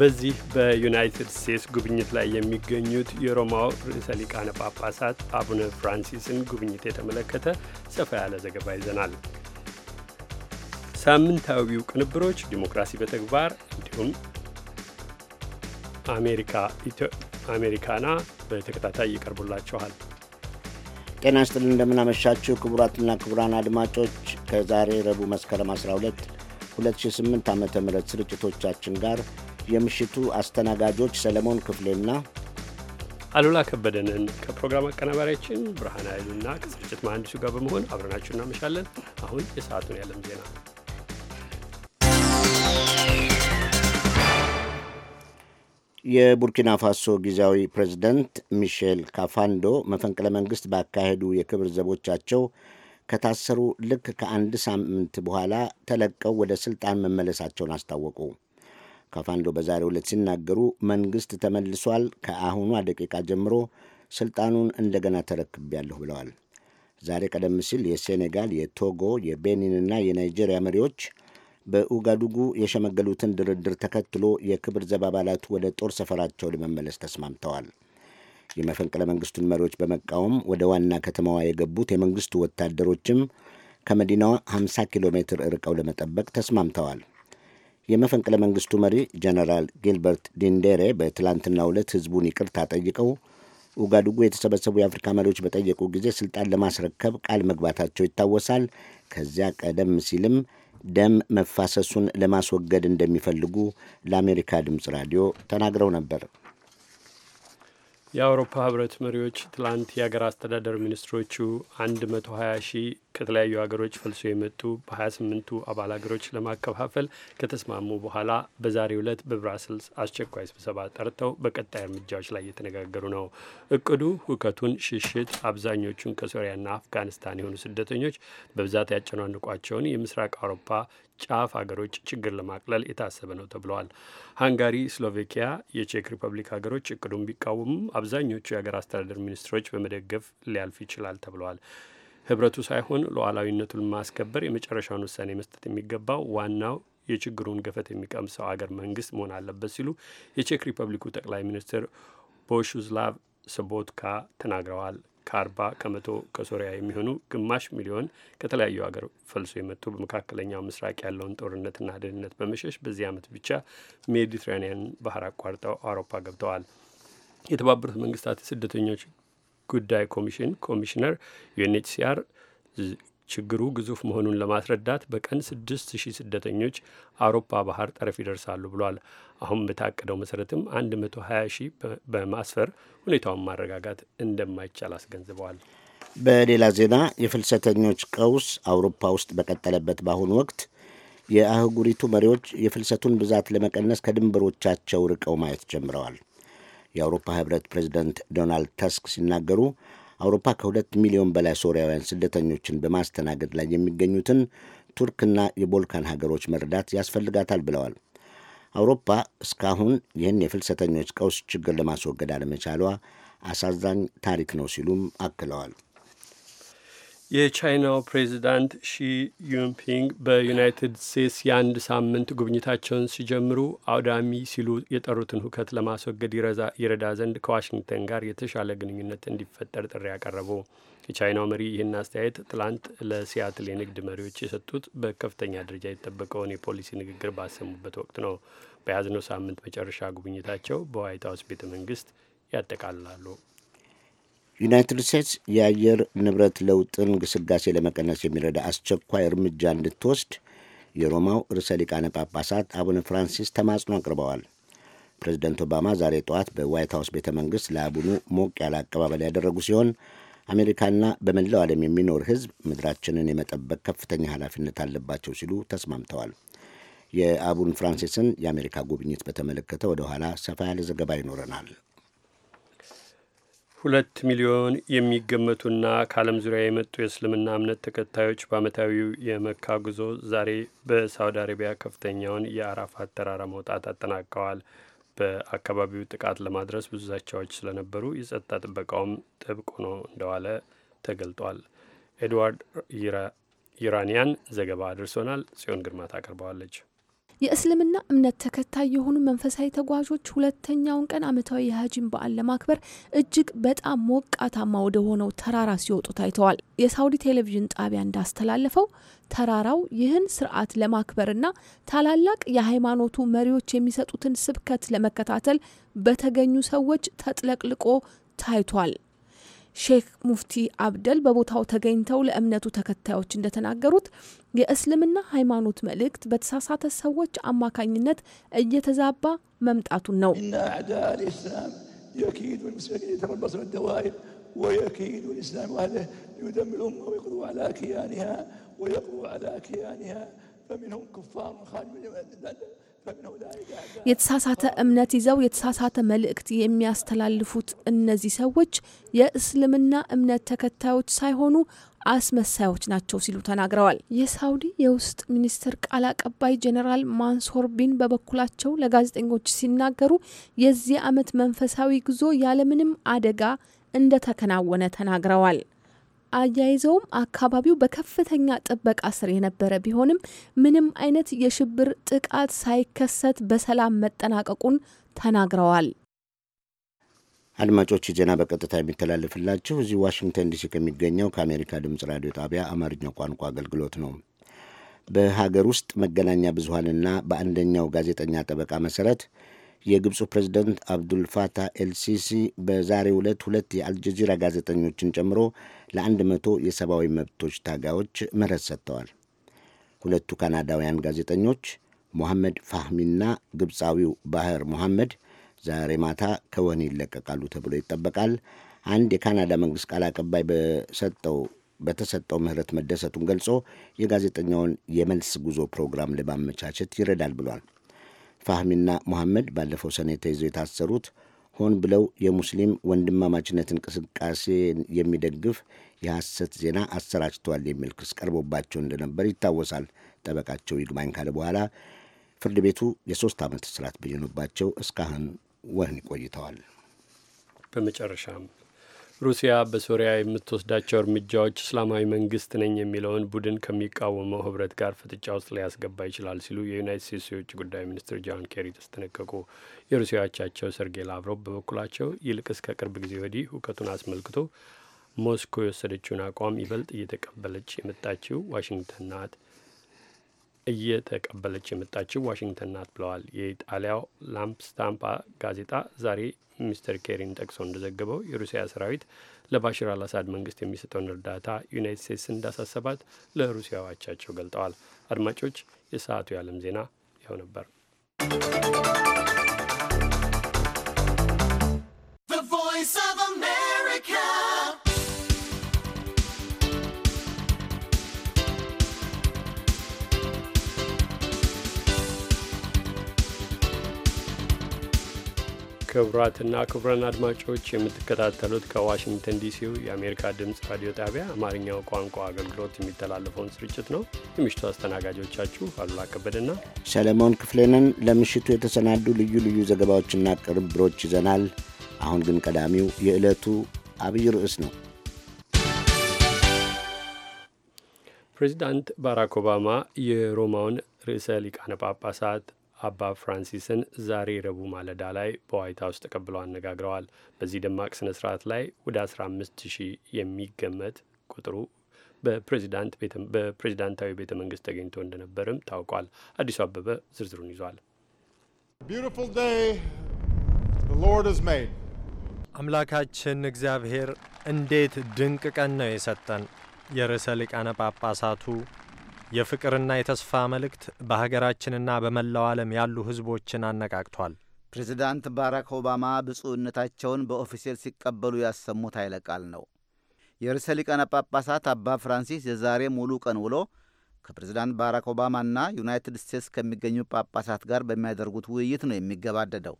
በዚህ በዩናይትድ ስቴትስ ጉብኝት ላይ የሚገኙት የሮማው ርዕሰ ሊቃነ ጳጳሳት አቡነ ፍራንሲስን ጉብኝት የተመለከተ ሰፋ ያለ ዘገባ ይዘናል። ሳምንታዊው ቅንብሮች ዲሞክራሲ በተግባር እንዲሁም አሜሪካና በተከታታይ ይቀርቡላችኋል። ጤና ስጥል እንደምናመሻችሁ ክቡራትና ክቡራን አድማጮች ከዛሬ ረቡዕ መስከረም 12 2008 ዓ ም ስርጭቶቻችን ጋር የምሽቱ አስተናጋጆች ሰለሞን ክፍሌና አሉላ ከበደንን ከፕሮግራም አቀናባሪያችን ብርሃን ኃይሉና ከስርጭት መሐንዲሱ ጋር በመሆን አብረናችሁ እናመሻለን። አሁን የሰዓቱን ያለም ዜና የቡርኪና ፋሶ ጊዜያዊ ፕሬዚደንት ሚሼል ካፋንዶ መፈንቅለ መንግሥት ባካሄዱ የክብር ዘቦቻቸው ከታሰሩ ልክ ከአንድ ሳምንት በኋላ ተለቀው ወደ ሥልጣን መመለሳቸውን አስታወቁ። ካፋንዶ በዛሬው ዕለት ሲናገሩ መንግሥት ተመልሷል፣ ከአሁኗ ደቂቃ ጀምሮ ስልጣኑን እንደገና ተረክቤያለሁ ብለዋል። ዛሬ ቀደም ሲል የሴኔጋል፣ የቶጎ፣ የቤኒንና የናይጄሪያ መሪዎች በኡጋዱጉ የሸመገሉትን ድርድር ተከትሎ የክብር ዘብ አባላቱ ወደ ጦር ሰፈራቸው ለመመለስ ተስማምተዋል። የመፈንቅለ መንግስቱን መሪዎች በመቃወም ወደ ዋና ከተማዋ የገቡት የመንግስቱ ወታደሮችም ከመዲናዋ 50 ኪሎ ሜትር ርቀው ለመጠበቅ ተስማምተዋል። የመፈንቅለ መንግስቱ መሪ ጀነራል ጊልበርት ዲንዴሬ በትላንትናው ዕለት ህዝቡን ይቅርታ ጠይቀው ኡጋዱጉ የተሰበሰቡ የአፍሪካ መሪዎች በጠየቁ ጊዜ ስልጣን ለማስረከብ ቃል መግባታቸው ይታወሳል። ከዚያ ቀደም ሲልም ደም መፋሰሱን ለማስወገድ እንደሚፈልጉ ለአሜሪካ ድምፅ ራዲዮ ተናግረው ነበር። የአውሮፓ ህብረት መሪዎች ትላንት የአገር አስተዳደር ሚኒስትሮቹ 120 ሺህ ከተለያዩ ሀገሮች ፈልሶ የመጡ በሀያ ስምንቱ አባል ሀገሮች ለማከፋፈል ከተስማሙ በኋላ በዛሬው ዕለት በብራስልስ አስቸኳይ ስብሰባ ጠርተው በቀጣይ እርምጃዎች ላይ እየተነጋገሩ ነው። እቅዱ ሁከቱን ሽሽት፣ አብዛኞቹን ከሶሪያና አፍጋኒስታን የሆኑ ስደተኞች በብዛት ያጨናንቋቸውን የምስራቅ አውሮፓ ጫፍ ሀገሮች ችግር ለማቅለል የታሰበ ነው ተብለዋል። ሃንጋሪ፣ ስሎቬኪያ፣ የቼክ ሪፐብሊክ ሀገሮች እቅዱን ቢቃወሙም አብዛኞቹ የሀገር አስተዳደር ሚኒስትሮች በመደገፍ ሊያልፍ ይችላል ተብለዋል። ህብረቱ ሳይሆን ሉዓላዊነቱን ማስከበር የመጨረሻውን ውሳኔ መስጠት የሚገባው ዋናው የችግሩን ገፈት የሚቀምሰው አገር መንግስት መሆን አለበት ሲሉ የቼክ ሪፐብሊኩ ጠቅላይ ሚኒስትር ቦሹዝላቭ ሶቦትካ ተናግረዋል። ከአርባ ከመቶ ከሶሪያ የሚሆኑ ግማሽ ሚሊዮን ከተለያዩ ሀገር ፈልሶ የመጡ በመካከለኛው ምስራቅ ያለውን ጦርነትና ደህንነት በመሸሽ በዚህ ዓመት ብቻ ሜዲትራኒያን ባህር አቋርጠው አውሮፓ ገብተዋል። የተባበሩት መንግስታት የስደተኞች ጉዳይ ኮሚሽን ኮሚሽነር ዩኤንኤችሲአር ችግሩ ግዙፍ መሆኑን ለማስረዳት በቀን ስድስት ሺህ ስደተኞች አውሮፓ ባህር ጠረፍ ይደርሳሉ ብሏል። አሁን በታቀደው መሰረትም ሀያ ሺህ በማስፈር ሁኔታውን ማረጋጋት እንደማይቻል አስገንዝበዋል። በሌላ ዜና የፍልሰተኞች ቀውስ አውሮፓ ውስጥ በቀጠለበት በአሁኑ ወቅት የአህጉሪቱ መሪዎች የፍልሰቱን ብዛት ለመቀነስ ከድንበሮቻቸው ርቀው ማየት ጀምረዋል። የአውሮፓ ህብረት ፕሬዚደንት ዶናልድ ተስክ ሲናገሩ አውሮፓ ከሁለት ሚሊዮን በላይ ሶሪያውያን ስደተኞችን በማስተናገድ ላይ የሚገኙትን ቱርክና የቦልካን ሀገሮች መርዳት ያስፈልጋታል ብለዋል። አውሮፓ እስካሁን ይህን የፍልሰተኞች ቀውስ ችግር ለማስወገድ አለመቻሏ አሳዛኝ ታሪክ ነው ሲሉም አክለዋል። የቻይናው ፕሬዚዳንት ሺ ዩንፒንግ በዩናይትድ ስቴትስ የአንድ ሳምንት ጉብኝታቸውን ሲጀምሩ አውዳሚ ሲሉ የጠሩትን ሁከት ለማስወገድ ይረዳ ዘንድ ከዋሽንግተን ጋር የተሻለ ግንኙነት እንዲፈጠር ጥሪ ያቀረቡ የቻይናው መሪ ይህን አስተያየት ትላንት ለሲያትል የንግድ መሪዎች የሰጡት በከፍተኛ ደረጃ የተጠበቀውን የፖሊሲ ንግግር ባሰሙበት ወቅት ነው። በያዝነው ሳምንት መጨረሻ ጉብኝታቸው በዋይት ሀውስ ቤተ መንግስት ያጠቃልላሉ። ዩናይትድ ስቴትስ የአየር ንብረት ለውጥን ግስጋሴ ለመቀነስ የሚረዳ አስቸኳይ እርምጃ እንድትወስድ የሮማው ርዕሰ ሊቃነ ጳጳሳት አቡነ ፍራንሲስ ተማጽኖ አቅርበዋል። ፕሬዚደንት ኦባማ ዛሬ ጠዋት በዋይት ሀውስ ቤተ መንግሥት ለአቡኑ ሞቅ ያለ አቀባበል ያደረጉ ሲሆን አሜሪካና በመላው ዓለም የሚኖር ሕዝብ ምድራችንን የመጠበቅ ከፍተኛ ኃላፊነት አለባቸው ሲሉ ተስማምተዋል። የአቡን ፍራንሲስን የአሜሪካ ጉብኝት በተመለከተ ወደ ኋላ ሰፋ ያለ ዘገባ ይኖረናል። ሁለት ሚሊዮን የሚገመቱና ከዓለም ዙሪያ የመጡ የእስልምና እምነት ተከታዮች በዓመታዊው የመካ ጉዞ ዛሬ በሳውዲ አረቢያ ከፍተኛውን የአራፋት ተራራ መውጣት አጠናቀዋል። በአካባቢው ጥቃት ለማድረስ ብዙ ዛቻዎች ስለነበሩ የጸጥታ ጥበቃውም ጥብቅ ሆኖ እንደዋለ ተገልጧል። ኤድዋርድ ይራኒያን ዘገባ አድርሶናል። ጽዮን ግርማ ታቀርበዋለች። የእስልምና እምነት ተከታይ የሆኑ መንፈሳዊ ተጓዦች ሁለተኛውን ቀን ዓመታዊ የሀጂን በዓል ለማክበር እጅግ በጣም ሞቃታማ ወደ ሆነው ተራራ ሲወጡ ታይተዋል። የሳውዲ ቴሌቪዥን ጣቢያ እንዳስተላለፈው ተራራው ይህን ስርዓት ለማክበርና ታላላቅ የሃይማኖቱ መሪዎች የሚሰጡትን ስብከት ለመከታተል በተገኙ ሰዎች ተጥለቅልቆ ታይቷል። ሼክ ሙፍቲ አብደል በቦታው ተገኝተው ለእምነቱ ተከታዮች እንደተናገሩት የእስልምና ሃይማኖት መልእክት በተሳሳተ ሰዎች አማካኝነት እየተዛባ መምጣቱን ነው። የተሳሳተ እምነት ይዘው የተሳሳተ መልእክት የሚያስተላልፉት እነዚህ ሰዎች የእስልምና እምነት ተከታዮች ሳይሆኑ አስመሳዮች ናቸው ሲሉ ተናግረዋል። የሳውዲ የውስጥ ሚኒስትር ቃል አቀባይ ጀኔራል ማንሶር ቢን በበኩላቸው ለጋዜጠኞች ሲናገሩ የዚህ ዓመት መንፈሳዊ ጉዞ ያለምንም አደጋ እንደተከናወነ ተናግረዋል። አያይዘውም አካባቢው በከፍተኛ ጥበቃ ስር የነበረ ቢሆንም ምንም አይነት የሽብር ጥቃት ሳይከሰት በሰላም መጠናቀቁን ተናግረዋል። አድማጮች ዜና በቀጥታ የሚተላለፍላችሁ እዚህ ዋሽንግተን ዲሲ ከሚገኘው ከአሜሪካ ድምፅ ራዲዮ ጣቢያ አማርኛው ቋንቋ አገልግሎት ነው። በሀገር ውስጥ መገናኛ ብዙሀንና በአንደኛው ጋዜጠኛ ጠበቃ መሰረት የግብፁ ፕሬዚደንት አብዱል ፋታህ ኤልሲሲ በዛሬ ዕለት ሁለት የአልጀዚራ ጋዜጠኞችን ጨምሮ ለአንድ መቶ የሰብአዊ መብቶች ታጋዮች ምህረት ሰጥተዋል። ሁለቱ ካናዳውያን ጋዜጠኞች ሞሐመድ ፋህሚና ግብፃዊው ባህር ሞሐመድ ዛሬ ማታ ከወህኒ ይለቀቃሉ ተብሎ ይጠበቃል። አንድ የካናዳ መንግሥት ቃል አቀባይ በሰጠው በተሰጠው ምህረት መደሰቱን ገልጾ የጋዜጠኛውን የመልስ ጉዞ ፕሮግራም ለማመቻቸት ይረዳል ብሏል። ፋህሚና መሐመድ ባለፈው ሰኔ ተይዘው የታሰሩት ሆን ብለው የሙስሊም ወንድማማችነት እንቅስቃሴ የሚደግፍ የሐሰት ዜና አሰራጭተዋል የሚል ክስ ቀርቦባቸው እንደነበር ይታወሳል። ጠበቃቸው ይግባኝ ካለ በኋላ ፍርድ ቤቱ የሶስት ዓመት እስራት ብይኖባቸው እስካሁን ወህኒ ቆይተዋል። በመጨረሻም ሩሲያ በሶሪያ የምትወስዳቸው እርምጃዎች እስላማዊ መንግስት ነኝ የሚለውን ቡድን ከሚቃወመው ህብረት ጋር ፍጥጫ ውስጥ ሊያስገባ ይችላል ሲሉ የዩናይት ስቴትስ የውጭ ጉዳይ ሚኒስትር ጆን ኬሪ ተስተነቀቁ። የሩሲያዎቻቸው ሰርጌይ ላቭሮቭ በበኩላቸው እስከ ቅርብ ጊዜ ወዲህ ሁከቱን አስመልክቶ ሞስኮ የወሰደችውን አቋም ይበልጥ እየተቀበለች የመጣችው ዋሽንግተን ናት እየተቀበለች የመጣችው ዋሽንግተን ናት ብለዋል። የኢጣሊያው ላምፕስታምፓ ጋዜጣ ዛሬ ሚስተር ኬሪን ጠቅሶ እንደዘገበው የሩሲያ ሰራዊት ለባሽር አልአሳድ መንግስት የሚሰጠውን እርዳታ ዩናይት ስቴትስ እንዳሳሰባት ለሩሲያ አቻቸው ገልጠዋል። አድማጮች፣ የሰዓቱ የዓለም ዜና ይኸው ነበር። ክቡራትና ክቡራን አድማጮች የምትከታተሉት ከዋሽንግተን ዲሲው የአሜሪካ ድምፅ ራዲዮ ጣቢያ አማርኛው ቋንቋ አገልግሎት የሚተላለፈውን ስርጭት ነው። የምሽቱ አስተናጋጆቻችሁ አሉላ ከበደና ሰለሞን ክፍሌንን ለምሽቱ የተሰናዱ ልዩ ልዩ ዘገባዎችና ቅርብሮች ይዘናል። አሁን ግን ቀዳሚው የዕለቱ አብይ ርዕስ ነው። ፕሬዚዳንት ባራክ ኦባማ የሮማውን ርዕሰ ሊቃነ ጳጳሳት አባ ፍራንሲስን ዛሬ ረቡዕ ማለዳ ላይ በዋይት ሀውስ ተቀብለው አነጋግረዋል። በዚህ ደማቅ ስነ ስርዓት ላይ ወደ 15 ሺህ የሚገመት ቁጥሩ በፕሬዚዳንታዊ ቤተ መንግስት ተገኝቶ እንደነበርም ታውቋል። አዲሱ አበበ ዝርዝሩን ይዟል። አምላካችን እግዚአብሔር እንዴት ድንቅ ቀን ነው የሰጠን። የርዕሰ ሊቃነ ጳጳሳቱ የፍቅርና የተስፋ መልእክት በሀገራችንና በመላው ዓለም ያሉ ህዝቦችን አነቃቅቷል። ፕሬዚዳንት ባራክ ኦባማ ብፁዕነታቸውን በኦፊሴል ሲቀበሉ ያሰሙት ኃይለ ቃል ነው። የርዕሰ ሊቃነ ጳጳሳት አባ ፍራንሲስ የዛሬ ሙሉ ቀን ውሎ ከፕሬዚዳንት ባራክ ኦባማና ዩናይትድ ስቴትስ ከሚገኙ ጳጳሳት ጋር በሚያደርጉት ውይይት ነው የሚገባደደው።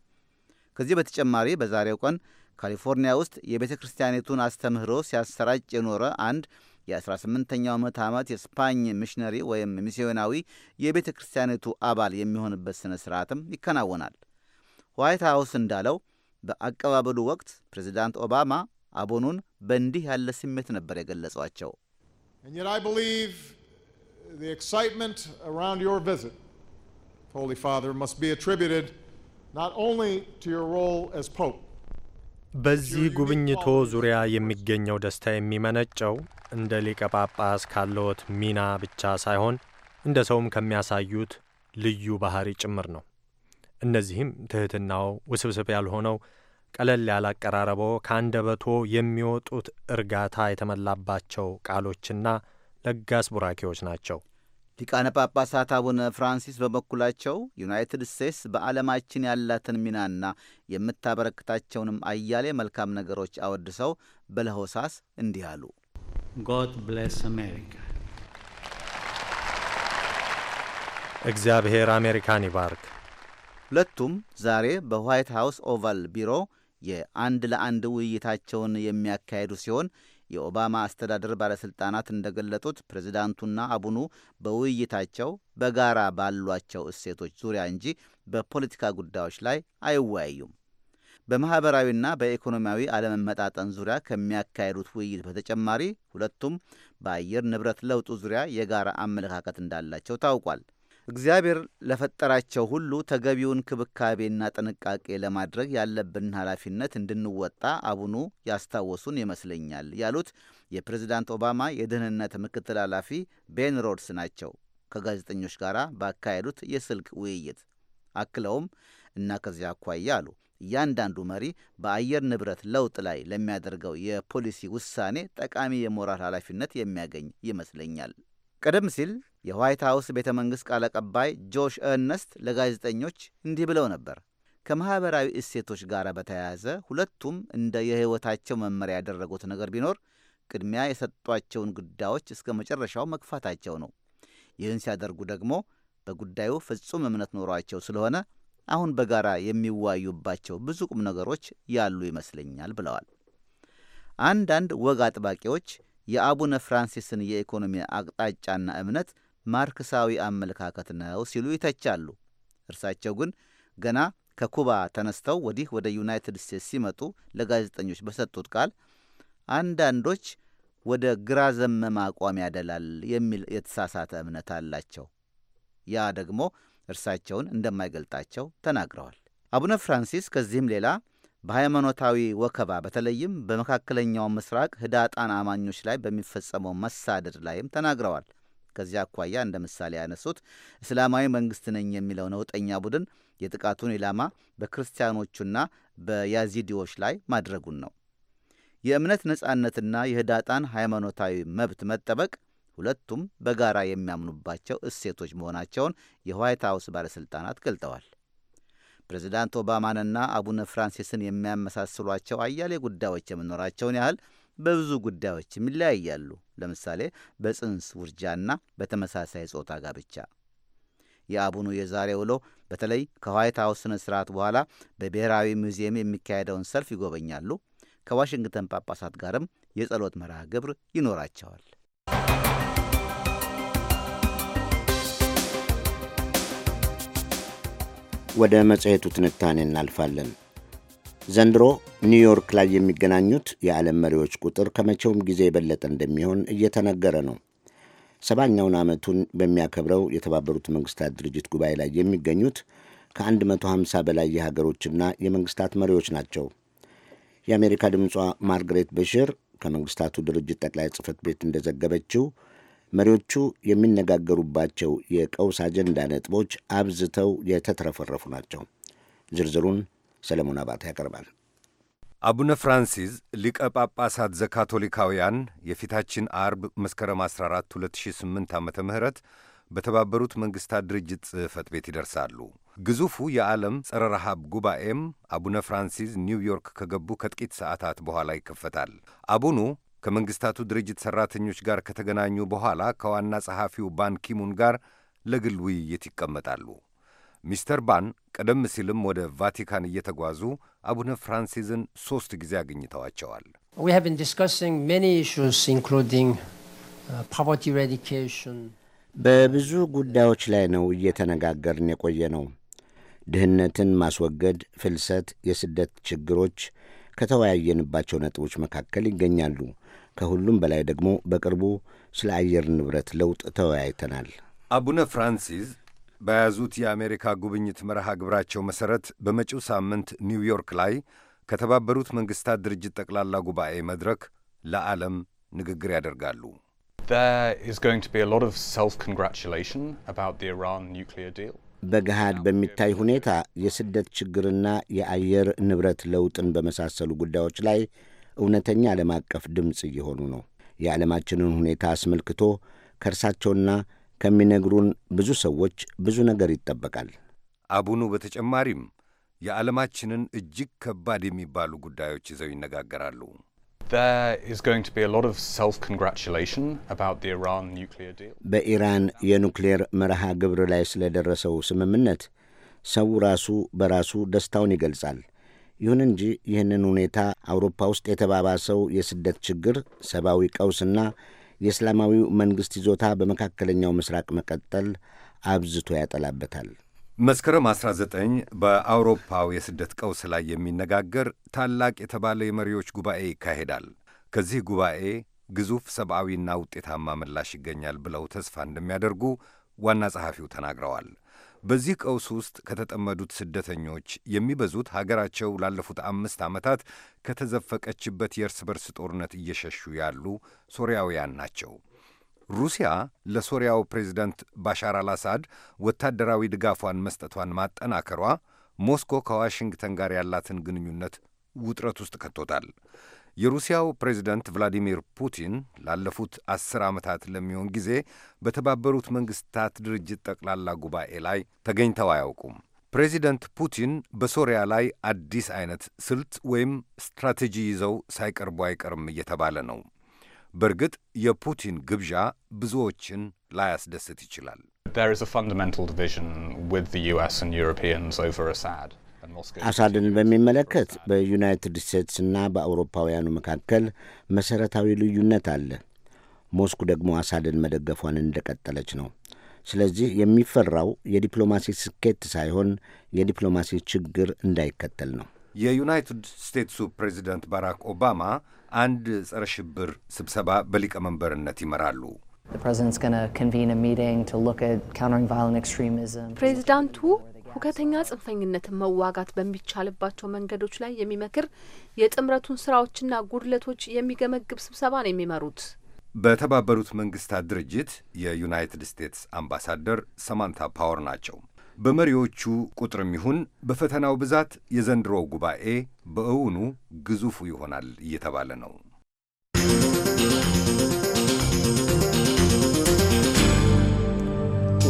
ከዚህ በተጨማሪ በዛሬው ቀን ካሊፎርኒያ ውስጥ የቤተ ክርስቲያኒቱን አስተምህሮ ሲያሰራጭ የኖረ አንድ የ18ኛው ምዕተ ዓመት የስፓኝ ሚሽነሪ ወይም ሚስዮናዊ የቤተ ክርስቲያኒቱ አባል የሚሆንበት ሥነ ሥርዓትም ይከናወናል። ዋይት ሀውስ እንዳለው በአቀባበሉ ወቅት ፕሬዚዳንት ኦባማ አቡኑን በእንዲህ ያለ ስሜት ነበር የገለጿቸው። ሆሊ ፋዘር መስት ቢ አትሪቢዩትድ ኖት ኦንሊ ቱ ዮር ሮል አዝ ፖፕ በዚህ ጉብኝቶ ዙሪያ የሚገኘው ደስታ የሚመነጨው እንደ ሊቀ ጳጳስ ካለዎት ሚና ብቻ ሳይሆን እንደ ሰውም ከሚያሳዩት ልዩ ባህሪ ጭምር ነው። እነዚህም ትሕትናው፣ ውስብስብ ያልሆነው ቀለል ያለ አቀራረቦ፣ ከአንደበቶ የሚወጡት እርጋታ የተመላባቸው ቃሎችና ለጋስ ቡራኬዎች ናቸው። ሊቃነ ጳጳሳት አቡነ ፍራንሲስ በበኩላቸው ዩናይትድ ስቴትስ በዓለማችን ያላትን ሚናና የምታበረክታቸውንም አያሌ መልካም ነገሮች አወድሰው በለሆሳስ እንዲህ አሉ። God እግዚአብሔር አሜሪካን ይባርክ። ሁለቱም ዛሬ በዋይት ሃውስ ኦቫል ቢሮ የአንድ ለአንድ ውይይታቸውን የሚያካሂዱ ሲሆን የኦባማ አስተዳደር ባለሥልጣናት እንደገለጡት ፕሬዚዳንቱና አቡኑ በውይይታቸው በጋራ ባሏቸው እሴቶች ዙሪያ እንጂ በፖለቲካ ጉዳዮች ላይ አይወያዩም። በማኅበራዊና በኢኮኖሚያዊ አለመመጣጠን ዙሪያ ከሚያካሄዱት ውይይት በተጨማሪ ሁለቱም በአየር ንብረት ለውጡ ዙሪያ የጋራ አመለካከት እንዳላቸው ታውቋል። እግዚአብሔር ለፈጠራቸው ሁሉ ተገቢውን ክብካቤና ጥንቃቄ ለማድረግ ያለብንን ኃላፊነት እንድንወጣ አቡኑ ያስታወሱን ይመስለኛል ያሉት የፕሬዝዳንት ኦባማ የደህንነት ምክትል ኃላፊ ቤን ሮድስ ናቸው ከጋዜጠኞች ጋር ባካሄዱት የስልክ ውይይት። አክለውም እና ከዚያ አኳያ አሉ እያንዳንዱ መሪ በአየር ንብረት ለውጥ ላይ ለሚያደርገው የፖሊሲ ውሳኔ ጠቃሚ የሞራል ኃላፊነት የሚያገኝ ይመስለኛል። ቀደም ሲል የዋይት ሀውስ ቤተ መንግሥት ቃል አቀባይ ጆሽ እርነስት ለጋዜጠኞች እንዲህ ብለው ነበር። ከማኅበራዊ እሴቶች ጋር በተያያዘ ሁለቱም እንደ የሕይወታቸው መመሪያ ያደረጉት ነገር ቢኖር ቅድሚያ የሰጧቸውን ጉዳዮች እስከ መጨረሻው መግፋታቸው ነው። ይህን ሲያደርጉ ደግሞ በጉዳዩ ፍጹም እምነት ኖሯቸው ስለሆነ አሁን በጋራ የሚዋዩባቸው ብዙ ቁም ነገሮች ያሉ ይመስለኛል ብለዋል። አንዳንድ ወግ አጥባቂዎች የአቡነ ፍራንሲስን የኢኮኖሚ አቅጣጫና እምነት ማርክሳዊ አመለካከት ነው ሲሉ ይተቻሉ። እርሳቸው ግን ገና ከኩባ ተነስተው ወዲህ ወደ ዩናይትድ ስቴትስ ሲመጡ ለጋዜጠኞች በሰጡት ቃል አንዳንዶች ወደ ግራ ዘመም አቋም ያደላል የሚል የተሳሳተ እምነት አላቸው። ያ ደግሞ እርሳቸውን እንደማይገልጣቸው ተናግረዋል። አቡነ ፍራንሲስ ከዚህም ሌላ በሃይማኖታዊ ወከባ በተለይም በመካከለኛው ምስራቅ ህዳጣን አማኞች ላይ በሚፈጸመው መሳደድ ላይም ተናግረዋል። ከዚያ አኳያ እንደ ምሳሌ ያነሱት እስላማዊ መንግስት ነኝ የሚለው ነውጠኛ ቡድን የጥቃቱን ኢላማ በክርስቲያኖቹና በያዚዲዎች ላይ ማድረጉን ነው። የእምነት ነጻነትና የህዳጣን ሃይማኖታዊ መብት መጠበቅ ሁለቱም በጋራ የሚያምኑባቸው እሴቶች መሆናቸውን የዋይት ሀውስ ባለሥልጣናት ገልጠዋል። ፕሬዚዳንት ኦባማንና አቡነ ፍራንሲስን የሚያመሳስሏቸው አያሌ ጉዳዮች የመኖራቸውን ያህል በብዙ ጉዳዮችም ይለያያሉ። ለምሳሌ በጽንስ ውርጃና በተመሳሳይ ጾታ ጋብቻ። የአቡኑ የዛሬ ውሎ በተለይ ከዋይት ሀውስ ስነ ስርዓት በኋላ በብሔራዊ ሙዚየም የሚካሄደውን ሰልፍ ይጎበኛሉ። ከዋሽንግተን ጳጳሳት ጋርም የጸሎት መርሃ ግብር ይኖራቸዋል። ወደ መጽሔቱ ትንታኔ እናልፋለን። ዘንድሮ ኒውዮርክ ላይ የሚገናኙት የዓለም መሪዎች ቁጥር ከመቼውም ጊዜ የበለጠ እንደሚሆን እየተነገረ ነው። ሰባኛውን ዓመቱን በሚያከብረው የተባበሩት መንግስታት ድርጅት ጉባኤ ላይ የሚገኙት ከ150 በላይ የሀገሮችና የመንግስታት መሪዎች ናቸው። የአሜሪካ ድምጿ ማርግሬት በሽር ከመንግስታቱ ድርጅት ጠቅላይ ጽህፈት ቤት እንደዘገበችው መሪዎቹ የሚነጋገሩባቸው የቀውስ አጀንዳ ነጥቦች አብዝተው የተትረፈረፉ ናቸው። ዝርዝሩን ሰለሞን አባተ ያቀርባል። አቡነ ፍራንሲስ ሊቀ ጳጳሳት ዘካቶሊካውያን የፊታችን አርብ መስከረም 14 2008 ዓመተ ምህረት በተባበሩት መንግሥታት ድርጅት ጽሕፈት ቤት ይደርሳሉ። ግዙፉ የዓለም ጸረ ረሃብ ጉባኤም አቡነ ፍራንሲስ ኒውዮርክ ከገቡ ከጥቂት ሰዓታት በኋላ ይከፈታል። አቡኑ ከመንግሥታቱ ድርጅት ሠራተኞች ጋር ከተገናኙ በኋላ ከዋና ጸሐፊው ባንኪሙን ጋር ለግል ውይይት ይቀመጣሉ። ሚስተር ባን ቀደም ሲልም ወደ ቫቲካን እየተጓዙ አቡነ ፍራንሲስን ሦስት ጊዜ አግኝተዋቸዋል። uh, በብዙ ጉዳዮች ላይ ነው እየተነጋገርን የቆየ ነው። ድህነትን ማስወገድ፣ ፍልሰት፣ የስደት ችግሮች ከተወያየንባቸው ነጥቦች መካከል ይገኛሉ። ከሁሉም በላይ ደግሞ በቅርቡ ስለ አየር ንብረት ለውጥ ተወያይተናል። አቡነ ፍራንሲስ በያዙት የአሜሪካ ጉብኝት መርሃ ግብራቸው መሠረት በመጪው ሳምንት ኒውዮርክ ላይ ከተባበሩት መንግሥታት ድርጅት ጠቅላላ ጉባኤ መድረክ ለዓለም ንግግር ያደርጋሉ። በገሃድ በሚታይ ሁኔታ የስደት ችግርና የአየር ንብረት ለውጥን በመሳሰሉ ጉዳዮች ላይ እውነተኛ ዓለም አቀፍ ድምፅ እየሆኑ ነው። የዓለማችንን ሁኔታ አስመልክቶ ከእርሳቸውና ከሚነግሩን ብዙ ሰዎች ብዙ ነገር ይጠበቃል። አቡኑ በተጨማሪም የዓለማችንን እጅግ ከባድ የሚባሉ ጉዳዮች ይዘው ይነጋገራሉ። በኢራን የኑክሌር መርሃ ግብር ላይ ስለደረሰው ስምምነት ሰው ራሱ በራሱ ደስታውን ይገልጻል። ይሁን እንጂ ይህንን ሁኔታ አውሮፓ ውስጥ የተባባሰው የስደት ችግር፣ ሰብአዊ ቀውስና የእስላማዊው መንግሥት ይዞታ በመካከለኛው ምስራቅ መቀጠል አብዝቶ ያጠላበታል። መስከረም 19 በአውሮፓው የስደት ቀውስ ላይ የሚነጋገር ታላቅ የተባለ የመሪዎች ጉባኤ ይካሄዳል። ከዚህ ጉባኤ ግዙፍ ሰብአዊና ውጤታማ ምላሽ ይገኛል ብለው ተስፋ እንደሚያደርጉ ዋና ጸሐፊው ተናግረዋል። በዚህ ቀውስ ውስጥ ከተጠመዱት ስደተኞች የሚበዙት ሀገራቸው ላለፉት አምስት ዓመታት ከተዘፈቀችበት የእርስ በርስ ጦርነት እየሸሹ ያሉ ሶሪያውያን ናቸው። ሩሲያ ለሶሪያው ፕሬዚደንት ባሻር አልአሳድ ወታደራዊ ድጋፏን መስጠቷን ማጠናከሯ ሞስኮ ከዋሽንግተን ጋር ያላትን ግንኙነት ውጥረት ውስጥ ከቶታል። የሩሲያው ፕሬዚደንት ቭላዲሚር ፑቲን ላለፉት አስር ዓመታት ለሚሆን ጊዜ በተባበሩት መንግሥታት ድርጅት ጠቅላላ ጉባኤ ላይ ተገኝተው አያውቁም። ፕሬዚደንት ፑቲን በሶሪያ ላይ አዲስ አይነት ስልት ወይም ስትራቴጂ ይዘው ሳይቀርቡ አይቀርም እየተባለ ነው። በእርግጥ የፑቲን ግብዣ ብዙዎችን ላያስደስት ይችላል። አሳድን በሚመለከት በዩናይትድ ስቴትስና በአውሮፓውያኑ መካከል መሠረታዊ ልዩነት አለ። ሞስኩ ደግሞ አሳድን መደገፏን እንደቀጠለች ነው። ስለዚህ የሚፈራው የዲፕሎማሲ ስኬት ሳይሆን የዲፕሎማሲ ችግር እንዳይከተል ነው። የዩናይትድ ስቴትሱ ፕሬዚደንት ባራክ ኦባማ አንድ ጸረ ሽብር ስብሰባ በሊቀመንበርነት ይመራሉ። ፕሬዚዳንቱ ሁከተኛ ጽንፈኝነትን መዋጋት በሚቻልባቸው መንገዶች ላይ የሚመክር የጥምረቱን ስራዎችና ጉድለቶች የሚገመግብ ስብሰባ ነው የሚመሩት። በተባበሩት መንግስታት ድርጅት የዩናይትድ ስቴትስ አምባሳደር ሰማንታ ፓወር ናቸው። በመሪዎቹ ቁጥርም ይሁን በፈተናው ብዛት የዘንድሮ ጉባኤ በእውኑ ግዙፉ ይሆናል እየተባለ ነው።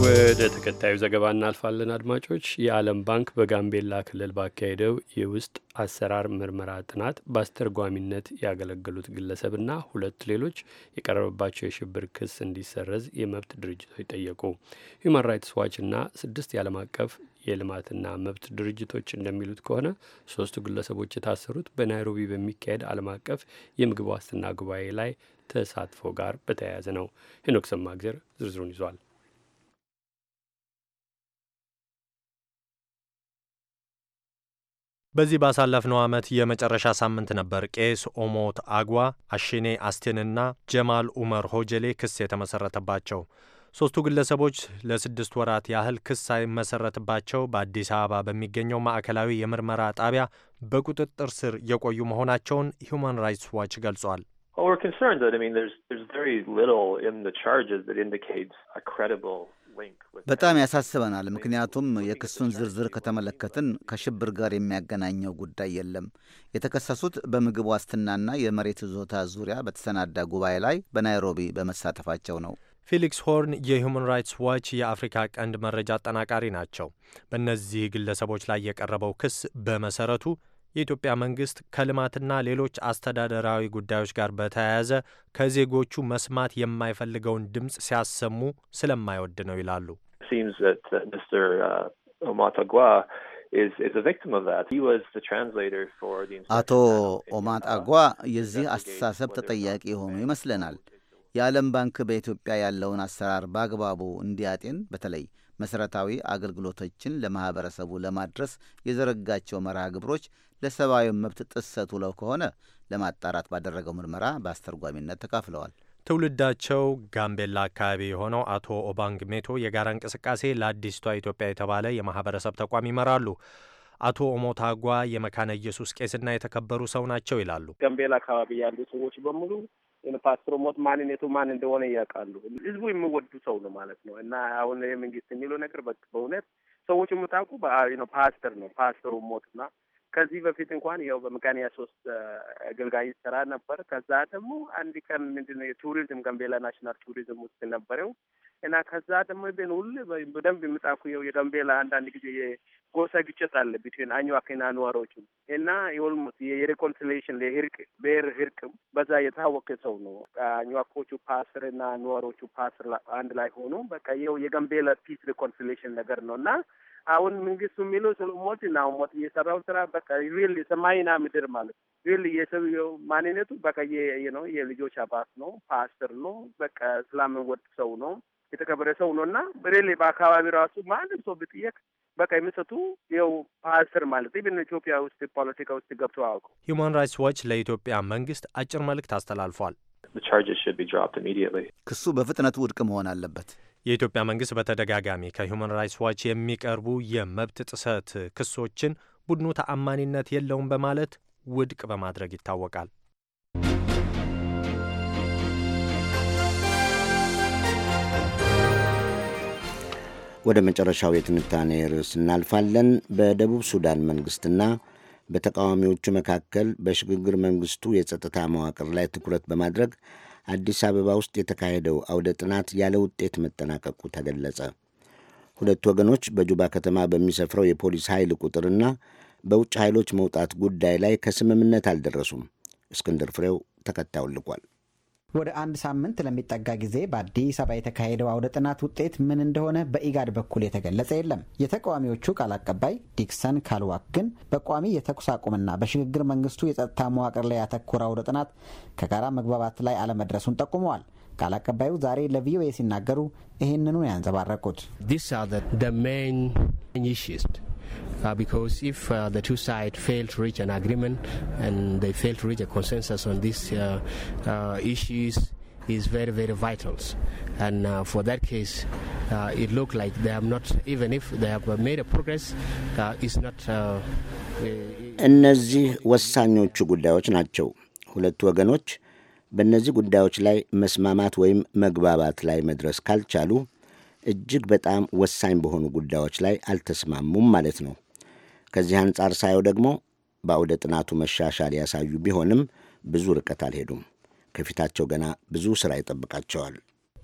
ወደ ተከታዩ ዘገባ እናልፋለን አድማጮች። የዓለም ባንክ በጋምቤላ ክልል ባካሄደው የውስጥ አሰራር ምርመራ ጥናት በአስተርጓሚነት ያገለገሉት ግለሰብና ሁለት ሌሎች የቀረበባቸው የሽብር ክስ እንዲሰረዝ የመብት ድርጅቶች ጠየቁ። ሁማን ራይትስ ዋችና ስድስት የዓለም አቀፍ የልማትና መብት ድርጅቶች እንደሚሉት ከሆነ ሶስቱ ግለሰቦች የታሰሩት በናይሮቢ በሚካሄድ ዓለም አቀፍ የምግብ ዋስትና ጉባኤ ላይ ተሳትፎ ጋር በተያያዘ ነው። ሄኖክ ሰማግዜር ዝርዝሩን ይዟል። በዚህ ባሳለፍነው ዓመት የመጨረሻ ሳምንት ነበር ቄስ ኦሞት አግዋ፣ አሽኔ አስቴንና ጀማል ኡመር ሆጀሌ ክስ የተመሰረተባቸው። ሦስቱ ግለሰቦች ለስድስት ወራት ያህል ክስ ሳይመሰረትባቸው በአዲስ አበባ በሚገኘው ማዕከላዊ የምርመራ ጣቢያ በቁጥጥር ስር የቆዩ መሆናቸውን ሁማን ራይትስ ዋች ገልጿል። በጣም ያሳስበናል። ምክንያቱም የክሱን ዝርዝር ከተመለከትን ከሽብር ጋር የሚያገናኘው ጉዳይ የለም። የተከሰሱት በምግብ ዋስትናና የመሬት ይዞታ ዙሪያ በተሰናዳ ጉባኤ ላይ በናይሮቢ በመሳተፋቸው ነው። ፊሊክስ ሆርን የሁማን ራይትስ ዋች የአፍሪካ ቀንድ መረጃ አጠናቃሪ ናቸው። በእነዚህ ግለሰቦች ላይ የቀረበው ክስ በመሰረቱ የኢትዮጵያ መንግስት ከልማትና ሌሎች አስተዳደራዊ ጉዳዮች ጋር በተያያዘ ከዜጎቹ መስማት የማይፈልገውን ድምፅ ሲያሰሙ ስለማይወድ ነው ይላሉ። uh, አቶ ኦማጣጓ uh, የዚህ አስተሳሰብ ተጠያቂ የሆኑ ይመስለናል። የዓለም ባንክ በኢትዮጵያ ያለውን አሰራር በአግባቡ እንዲያጤን በተለይ መሠረታዊ አገልግሎቶችን ለማኅበረሰቡ ለማድረስ የዘረጋቸው መርሃ ግብሮች ለሰብአዊ መብት ጥሰት ውለው ከሆነ ለማጣራት ባደረገው ምርመራ በአስተርጓሚነት ተካፍለዋል። ትውልዳቸው ጋምቤላ አካባቢ የሆነው አቶ ኦባንግ ሜቶ የጋራ እንቅስቃሴ ለአዲስቷ ኢትዮጵያ የተባለ የማህበረሰብ ተቋም ይመራሉ። አቶ ኦሞታጓ የመካነ ኢየሱስ ቄስና የተከበሩ ሰው ናቸው ይላሉ። ጋምቤላ አካባቢ ያሉ ሰዎች በሙሉ ፓስተር ሞት ማንነቱ ማን እንደሆነ እያውቃሉ። ህዝቡ የሚወዱ ሰው ነው ማለት ነው እና አሁን የመንግስት የሚለው ነገር በእውነት ሰዎች የምታውቁ ፓስተር ነው ፓስተር ሞትና ከዚህ በፊት እንኳን ያው በመካኒያ ሶስት አገልጋይ ስራ ነበር። ከዛ ደግሞ አንድ ቀን ምንድነው የቱሪዝም ጋምቤላ ናሽናል ቱሪዝም ውስጥ ነበረው እና ከዛ ደግሞ ግን ሁሉ በደንብ የምጣኩ ያው የጋምቤላ አንዳንድ ጊዜ የጎሳ ግጭት አለ ቢትዊን አኙዋክና ኑዋሮች እና የኦልሞስት የሪኮንሲሌሽን የህርቅ ብሔር ህርቅም በዛ የታወቀ ሰው ነው። አኙዋኮቹ ፓስር እና ኑዋሮቹ ፓስር አንድ ላይ ሆኖ በቃ ያው የጋምቤላ ፒስ ሪኮንሲሌሽን ነገር ነው እና አሁን መንግስቱ የሚለው ስለ ሞት እና ሞት እየሰራው ስራ በቃ ሪል ሰማይና ምድር ማለት ሪል የሰው ማንነቱ በቃ ነው የልጆች አባት ነው፣ ፓስተር ነው፣ በቃ ወድ ሰው ነው፣ የተከበረ ሰው ነው እና ሪል በአካባቢ ራሱ ማንም ሰው ብጥየቅ በቃ የሚሰጡ የው ፓስተር ማለት ኢብን ኢትዮጵያ ውስጥ ፖለቲካ ውስጥ ገብቶ አውቁ። ሂውማን ራይትስ ዋች ለኢትዮጵያ መንግስት አጭር መልእክት አስተላልፏል። ክሱ በፍጥነት ውድቅ መሆን አለበት። የኢትዮጵያ መንግስት በተደጋጋሚ ከሁማን ራይትስ ዋች የሚቀርቡ የመብት ጥሰት ክሶችን ቡድኑ ተአማኒነት የለውም በማለት ውድቅ በማድረግ ይታወቃል። ወደ መጨረሻው የትንታኔ ርዕስ እናልፋለን። በደቡብ ሱዳን መንግሥትና በተቃዋሚዎቹ መካከል በሽግግር መንግሥቱ የጸጥታ መዋቅር ላይ ትኩረት በማድረግ አዲስ አበባ ውስጥ የተካሄደው አውደ ጥናት ያለ ውጤት መጠናቀቁ ተገለጸ። ሁለት ወገኖች በጁባ ከተማ በሚሰፍረው የፖሊስ ኃይል ቁጥርና በውጭ ኃይሎች መውጣት ጉዳይ ላይ ከስምምነት አልደረሱም። እስክንድር ፍሬው ተከታዩን ልኳል። ወደ አንድ ሳምንት ለሚጠጋ ጊዜ በአዲስ አበባ የተካሄደው አውደ ጥናት ውጤት ምን እንደሆነ በኢጋድ በኩል የተገለጸ የለም። የተቃዋሚዎቹ ቃል አቀባይ ዲክሰን ካልዋክ ግን በቋሚ የተኩስ አቁምና በሽግግር መንግስቱ የጸጥታ መዋቅር ላይ ያተኮረ አውደ ጥናት ከጋራ መግባባት ላይ አለመድረሱን ጠቁመዋል። ቃል አቀባዩ ዛሬ ለቪኦኤ ሲናገሩ ይህንኑ ያንጸባረቁት Uh, because if uh, the two sides fail to reach an agreement and they fail to reach a consensus on these uh, uh, issues, is very, very vital. And uh, for that case, uh, it looked like they have not, even if they have made a progress, uh, it's not. እነዚህ ወሳኞቹ ጉዳዮች ናቸው። ሁለቱ ወገኖች በእነዚህ ጉዳዮች ላይ መስማማት ወይም መግባባት ላይ መድረስ ካልቻሉ እጅግ በጣም ወሳኝ በሆኑ ጉዳዮች ላይ አልተስማሙም ማለት ነው። ከዚህ አንጻር ሳየው ደግሞ በአውደ ጥናቱ መሻሻል ያሳዩ ቢሆንም ብዙ ርቀት አልሄዱም። ከፊታቸው ገና ብዙ ሥራ ይጠብቃቸዋል።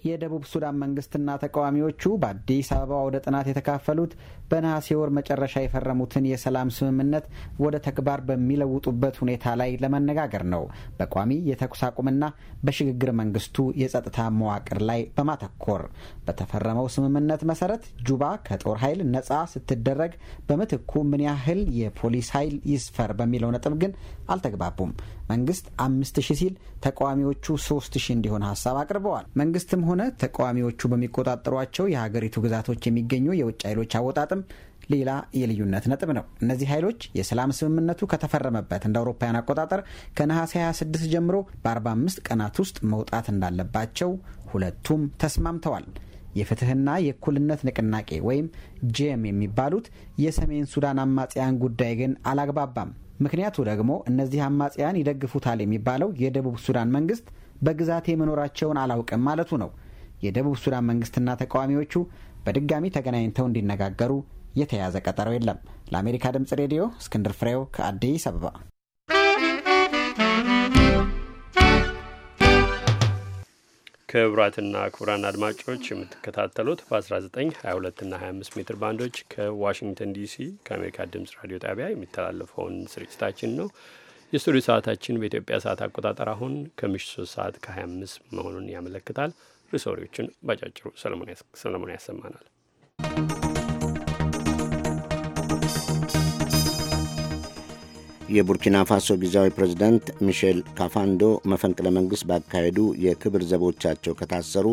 የደቡብ ሱዳን መንግስትና ተቃዋሚዎቹ በአዲስ አበባ ወደ ጥናት የተካፈሉት በነሐሴ ወር መጨረሻ የፈረሙትን የሰላም ስምምነት ወደ ተግባር በሚለውጡበት ሁኔታ ላይ ለመነጋገር ነው። በቋሚ የተኩስ አቁምና በሽግግር መንግስቱ የጸጥታ መዋቅር ላይ በማተኮር በተፈረመው ስምምነት መሰረት ጁባ ከጦር ኃይል ነጻ ስትደረግ በምትኩ ምን ያህል የፖሊስ ኃይል ይስፈር በሚለው ነጥብ ግን አልተግባቡም። መንግስት አምስት ሺህ ሲል ተቃዋሚዎቹ ሶስት ሺህ እንዲሆን ሀሳብ አቅርበዋል። መንግስትም ሆነ ተቃዋሚዎቹ በሚቆጣጠሯቸው የሀገሪቱ ግዛቶች የሚገኙ የውጭ ኃይሎች አወጣጥም ሌላ የልዩነት ነጥብ ነው። እነዚህ ኃይሎች የሰላም ስምምነቱ ከተፈረመበት እንደ አውሮፓውያን አቆጣጠር ከነሐሴ 26 ጀምሮ በ45 ቀናት ውስጥ መውጣት እንዳለባቸው ሁለቱም ተስማምተዋል። የፍትህና የእኩልነት ንቅናቄ ወይም ጄም የሚባሉት የሰሜን ሱዳን አማጽያን ጉዳይ ግን አላግባባም። ምክንያቱ ደግሞ እነዚህ አማጽያን ይደግፉታል የሚባለው የደቡብ ሱዳን መንግስት በግዛቴ መኖራቸውን አላውቅም ማለቱ ነው። የደቡብ ሱዳን መንግስትና ተቃዋሚዎቹ በድጋሚ ተገናኝተው እንዲነጋገሩ የተያዘ ቀጠሮ የለም። ለአሜሪካ ድምፅ ሬዲዮ እስክንድር ፍሬው ከአዲስ አበባ ክቡራትና ክቡራን አድማጮች የምትከታተሉት በ19፣ 22 እና 25 ሜትር ባንዶች ከዋሽንግተን ዲሲ ከአሜሪካ ድምፅ ራዲዮ ጣቢያ የሚተላለፈውን ስርጭታችን ነው። የስቱዲዮ ሰዓታችን በኢትዮጵያ ሰዓት አቆጣጠር አሁን ከምሽቱ 3 ሰዓት ከ25 መሆኑን ያመለክታል። ርሰሪዎችን ባጫጭሩ ሰለሞን ያሰማናል። የቡርኪና ፋሶ ጊዜያዊ ፕሬዝዳንት ሚሼል ካፋንዶ መፈንቅለ መንግሥት ባካሄዱ የክብር ዘቦቻቸው ከታሰሩ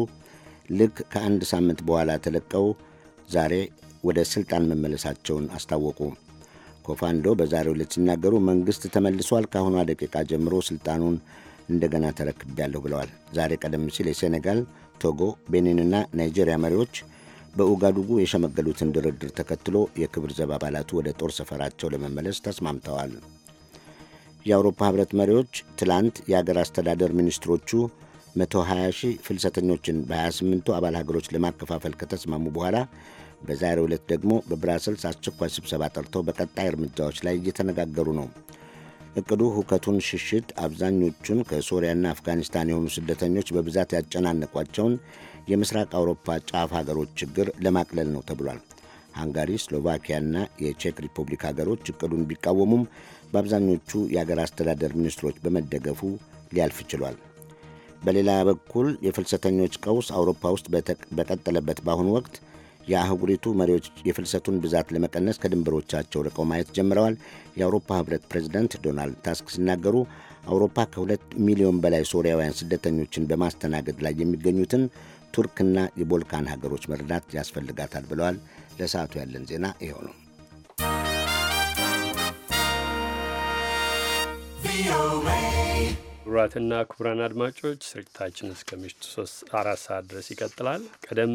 ልክ ከአንድ ሳምንት በኋላ ተለቀው ዛሬ ወደ ሥልጣን መመለሳቸውን አስታወቁ። ኮፋንዶ በዛሬው ዕለት ሲናገሩ መንግሥት ተመልሷል፣ ከአሁኗ ደቂቃ ጀምሮ ሥልጣኑን እንደገና ተረክቤያለሁ ብለዋል። ዛሬ ቀደም ሲል የሴኔጋል፣ ቶጎ፣ ቤኒንና ናይጄሪያ መሪዎች በኡጋዱጉ የሸመገሉትን ድርድር ተከትሎ የክብር ዘብ አባላቱ ወደ ጦር ሰፈራቸው ለመመለስ ተስማምተዋል። የአውሮፓ ህብረት መሪዎች ትላንት የአገር አስተዳደር ሚኒስትሮቹ 120 ሺህ ፍልሰተኞችን በ28ቱ አባል ሀገሮች ለማከፋፈል ከተስማሙ በኋላ በዛሬው ዕለት ደግሞ በብራሰልስ አስቸኳይ ስብሰባ ጠርተው በቀጣይ እርምጃዎች ላይ እየተነጋገሩ ነው። እቅዱ ሁከቱን ሽሽት አብዛኞቹን ከሶሪያና አፍጋኒስታን የሆኑ ስደተኞች በብዛት ያጨናነቋቸውን የምስራቅ አውሮፓ ጫፍ ሀገሮች ችግር ለማቅለል ነው ተብሏል። ሃንጋሪ፣ ስሎቫኪያና የቼክ ሪፑብሊክ ሀገሮች እቅዱን ቢቃወሙም በአብዛኞቹ የአገር አስተዳደር ሚኒስትሮች በመደገፉ ሊያልፍ ችሏል። በሌላ በኩል የፍልሰተኞች ቀውስ አውሮፓ ውስጥ በቀጠለበት በአሁኑ ወቅት የአህጉሪቱ መሪዎች የፍልሰቱን ብዛት ለመቀነስ ከድንበሮቻቸው ርቀው ማየት ጀምረዋል። የአውሮፓ ህብረት ፕሬዚደንት ዶናልድ ታስክ ሲናገሩ አውሮፓ ከሁለት ሚሊዮን በላይ ሶሪያውያን ስደተኞችን በማስተናገድ ላይ የሚገኙትን ቱርክና የቦልካን ሀገሮች መርዳት ያስፈልጋታል ብለዋል። ለሰዓቱ ያለን ዜና ይኸው ነው። ክቡራትና ክቡራን አድማጮች ስርጭታችን እስከ ምሽቱ አራት ሰዓት ድረስ ይቀጥላል። ቀደም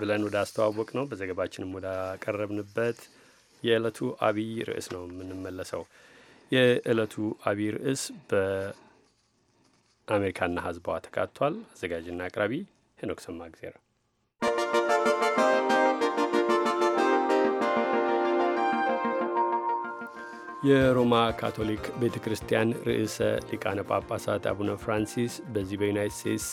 ብለን ወደ አስተዋወቅ ነው በዘገባችንም ወዳቀረብንበት የዕለቱ አብይ ርዕስ ነው የምንመለሰው። የዕለቱ አብይ ርዕስ በአሜሪካና ሕዝቧ ተካቷል። አዘጋጅና አቅራቢ ሄኖክ ሰማግዜራ የሮማ ካቶሊክ ቤተ ክርስቲያን ርዕሰ ሊቃነ ጳጳሳት አቡነ ፍራንሲስ በዚህ በዩናይት ስቴትስ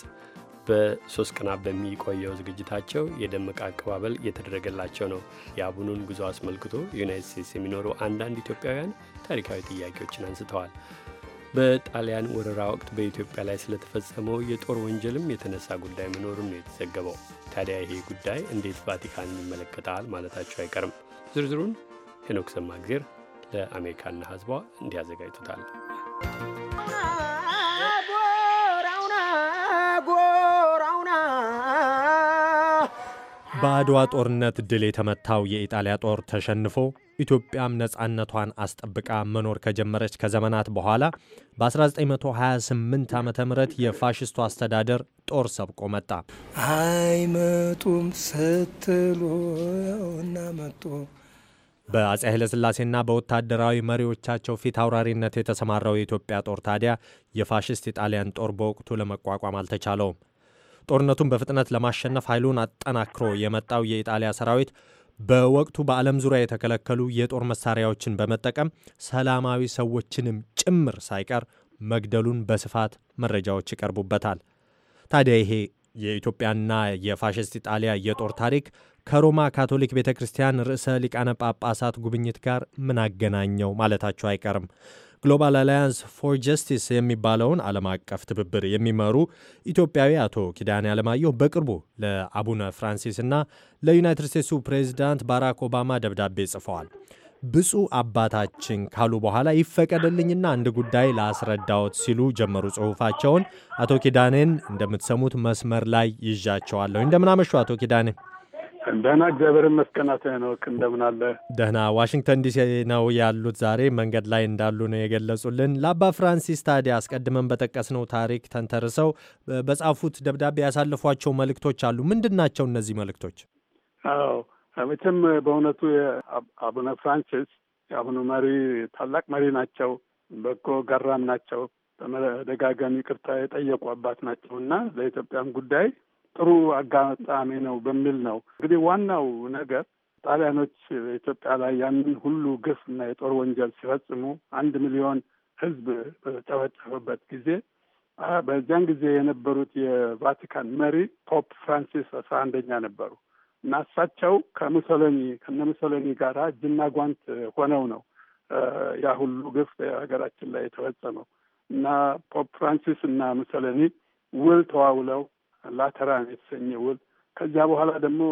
በሶስት ቀናት በሚቆየው ዝግጅታቸው የደመቀ አቀባበል እየተደረገላቸው ነው። የአቡኑን ጉዞ አስመልክቶ ዩናይት ስቴትስ የሚኖሩ አንዳንድ ኢትዮጵያውያን ታሪካዊ ጥያቄዎችን አንስተዋል። በጣሊያን ወረራ ወቅት በኢትዮጵያ ላይ ስለተፈጸመው የጦር ወንጀልም የተነሳ ጉዳይ መኖሩን ነው የተዘገበው። ታዲያ ይሄ ጉዳይ እንዴት ቫቲካንን ይመለከታል ማለታቸው አይቀርም። ዝርዝሩን ሄኖክ ሰማግዜር ለአሜሪካና ህዝቧ እንዲያዘጋጅቶታል። በአድዋ ጦርነት ድል የተመታው የኢጣሊያ ጦር ተሸንፎ ኢትዮጵያም ነፃነቷን አስጠብቃ መኖር ከጀመረች ከዘመናት በኋላ በ1928 ዓ ም የፋሽስቱ አስተዳደር ጦር ሰብቆ መጣ። አይመጡም ስትሉ ያውና መጡ በአጼ ኃይለሥላሴና በወታደራዊ መሪዎቻቸው ፊት አውራሪነት የተሰማራው የኢትዮጵያ ጦር ታዲያ የፋሽስት የጣሊያን ጦር በወቅቱ ለመቋቋም አልተቻለውም። ጦርነቱን በፍጥነት ለማሸነፍ ኃይሉን አጠናክሮ የመጣው የኢጣሊያ ሰራዊት በወቅቱ በዓለም ዙሪያ የተከለከሉ የጦር መሳሪያዎችን በመጠቀም ሰላማዊ ሰዎችንም ጭምር ሳይቀር መግደሉን በስፋት መረጃዎች ይቀርቡበታል። ታዲያ ይሄ የኢትዮጵያና የፋሽስት ኢጣሊያ የጦር ታሪክ ከሮማ ካቶሊክ ቤተ ክርስቲያን ርዕሰ ሊቃነ ጳጳሳት ጉብኝት ጋር ምን አገናኘው ማለታቸው አይቀርም። ግሎባል አላያንስ ፎር ጀስቲስ የሚባለውን ዓለም አቀፍ ትብብር የሚመሩ ኢትዮጵያዊ አቶ ኪዳኔ አለማየሁ በቅርቡ ለአቡነ እና ለዩናይትድ ስቴትሱ ፕሬዚዳንት ባራክ ኦባማ ደብዳቤ ጽፈዋል። ብፁዕ አባታችን ካሉ በኋላ ይፈቀደልኝና አንድ ጉዳይ ላስረዳዎት ሲሉ ጀመሩ ጽሑፋቸውን። አቶ ኪዳኔን እንደምትሰሙት መስመር ላይ ይዣቸዋለሁ። እንደምናመሹ አቶ ኪዳኔ ደህና እግዚአብሔር መስቀናት ነው። እንደምን አለ? ደህና። ዋሽንግተን ዲሲ ነው ያሉት። ዛሬ መንገድ ላይ እንዳሉ ነው የገለጹልን። ለአባ ፍራንሲስ ታዲያ አስቀድመን በጠቀስነው ታሪክ ተንተርሰው በጻፉት ደብዳቤ ያሳለፏቸው መልእክቶች አሉ። ምንድን ናቸው እነዚህ መልእክቶች? አዎ መቼም በእውነቱ አቡነ ፍራንሲስ የአሁኑ መሪ ታላቅ መሪ ናቸው። በጎ ገራም ናቸው። በመደጋጋሚ ይቅርታ የጠየቁ አባት ናቸው እና ለኢትዮጵያም ጉዳይ ጥሩ አጋጣሚ ነው በሚል ነው። እንግዲህ ዋናው ነገር ጣሊያኖች ኢትዮጵያ ላይ ያንን ሁሉ ግፍ እና የጦር ወንጀል ሲፈጽሙ አንድ ሚሊዮን ህዝብ በተጨፈጨፈበት ጊዜ በዚያን ጊዜ የነበሩት የቫቲካን መሪ ፖፕ ፍራንሲስ አስራ አንደኛ ነበሩ እና እሳቸው ከሙሶሎኒ ከነ ሙሶሎኒ ጋር እጅና ጓንት ሆነው ነው ያ ሁሉ ግፍ ሀገራችን ላይ የተፈጸመው እና ፖፕ ፍራንሲስ እና ሙሶሎኒ ውል ተዋውለው ላተራን የተሰኘ ውል ከዚያ በኋላ ደግሞ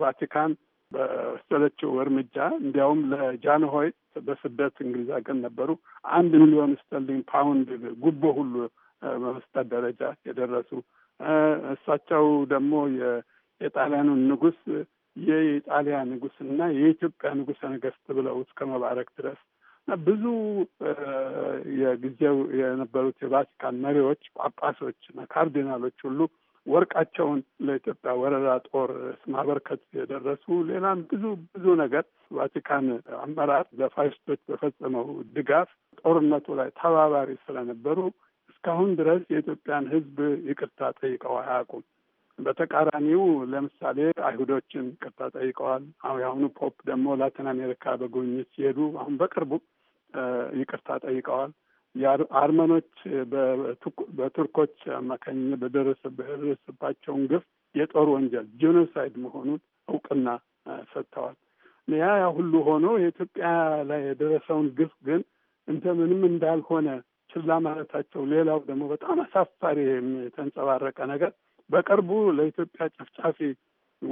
ቫቲካን በወሰደችው እርምጃ እንዲያውም ለጃንሆይ በስደት እንግሊዝ ሀገር ነበሩ አንድ ሚሊዮን ስተርሊንግ ፓውንድ ጉቦ ሁሉ በመስጠት ደረጃ የደረሱ እሳቸው ደግሞ የጣሊያኑን ንጉስ የኢጣሊያ ንጉስ እና የኢትዮጵያ ንጉሰ ነገስት ብለው እስከ መባረክ ድረስ ብዙ የጊዜው የነበሩት የቫቲካን መሪዎች፣ ጳጳሶች እና ካርዲናሎች ሁሉ ወርቃቸውን ለኢትዮጵያ ወረራ ጦር ማበርከት የደረሱ ሌላም ብዙ ብዙ ነገር ቫቲካን አመራር ለፋሽስቶች በፈጸመው ድጋፍ ጦርነቱ ላይ ተባባሪ ስለነበሩ እስካሁን ድረስ የኢትዮጵያን ሕዝብ ይቅርታ ጠይቀው አያውቁም። በተቃራኒው ለምሳሌ አይሁዶችን ይቅርታ ጠይቀዋል። አሁን የአሁኑ ፖፕ ደግሞ ላቲን አሜሪካ በጉብኝት ሲሄዱ አሁን በቅርቡ ይቅርታ ጠይቀዋል። የአርመኖች በቱርኮች አማካኝ በደረሰባቸውን ግፍ የጦር ወንጀል ጄኖሳይድ መሆኑን እውቅና ሰጥተዋል። ያ ያ ሁሉ ሆኖ የኢትዮጵያ ላይ የደረሰውን ግፍ ግን እንደ ምንም እንዳልሆነ ችላ ማለታቸው፣ ሌላው ደግሞ በጣም አሳፋሪ የተንጸባረቀ ነገር በቅርቡ ለኢትዮጵያ ጨፍጫፊ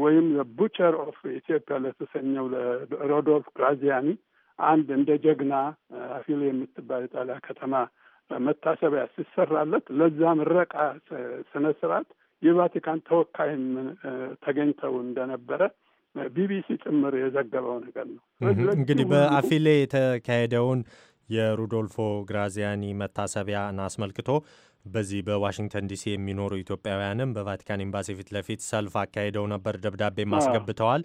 ወይም ቡቸር ኦፍ ኢትዮጵያ ለተሰኘው ለሮዶልፍ ግራዚያኒ አንድ እንደ ጀግና አፊል የምትባል ጣሊያ ከተማ መታሰቢያ ሲሰራለት ለዛ ምረቃ ስነ ስርዓት የቫቲካን ተወካይም ተገኝተው እንደነበረ ቢቢሲ ጭምር የዘገበው ነገር ነው። እንግዲህ በአፊሌ የተካሄደውን የሩዶልፎ ግራዚያኒ መታሰቢያን አስመልክቶ በዚህ በዋሽንግተን ዲሲ የሚኖሩ ኢትዮጵያውያንም በቫቲካን ኤምባሲ ፊት ለፊት ሰልፍ አካሄደው ነበር። ደብዳቤም አስገብተዋል።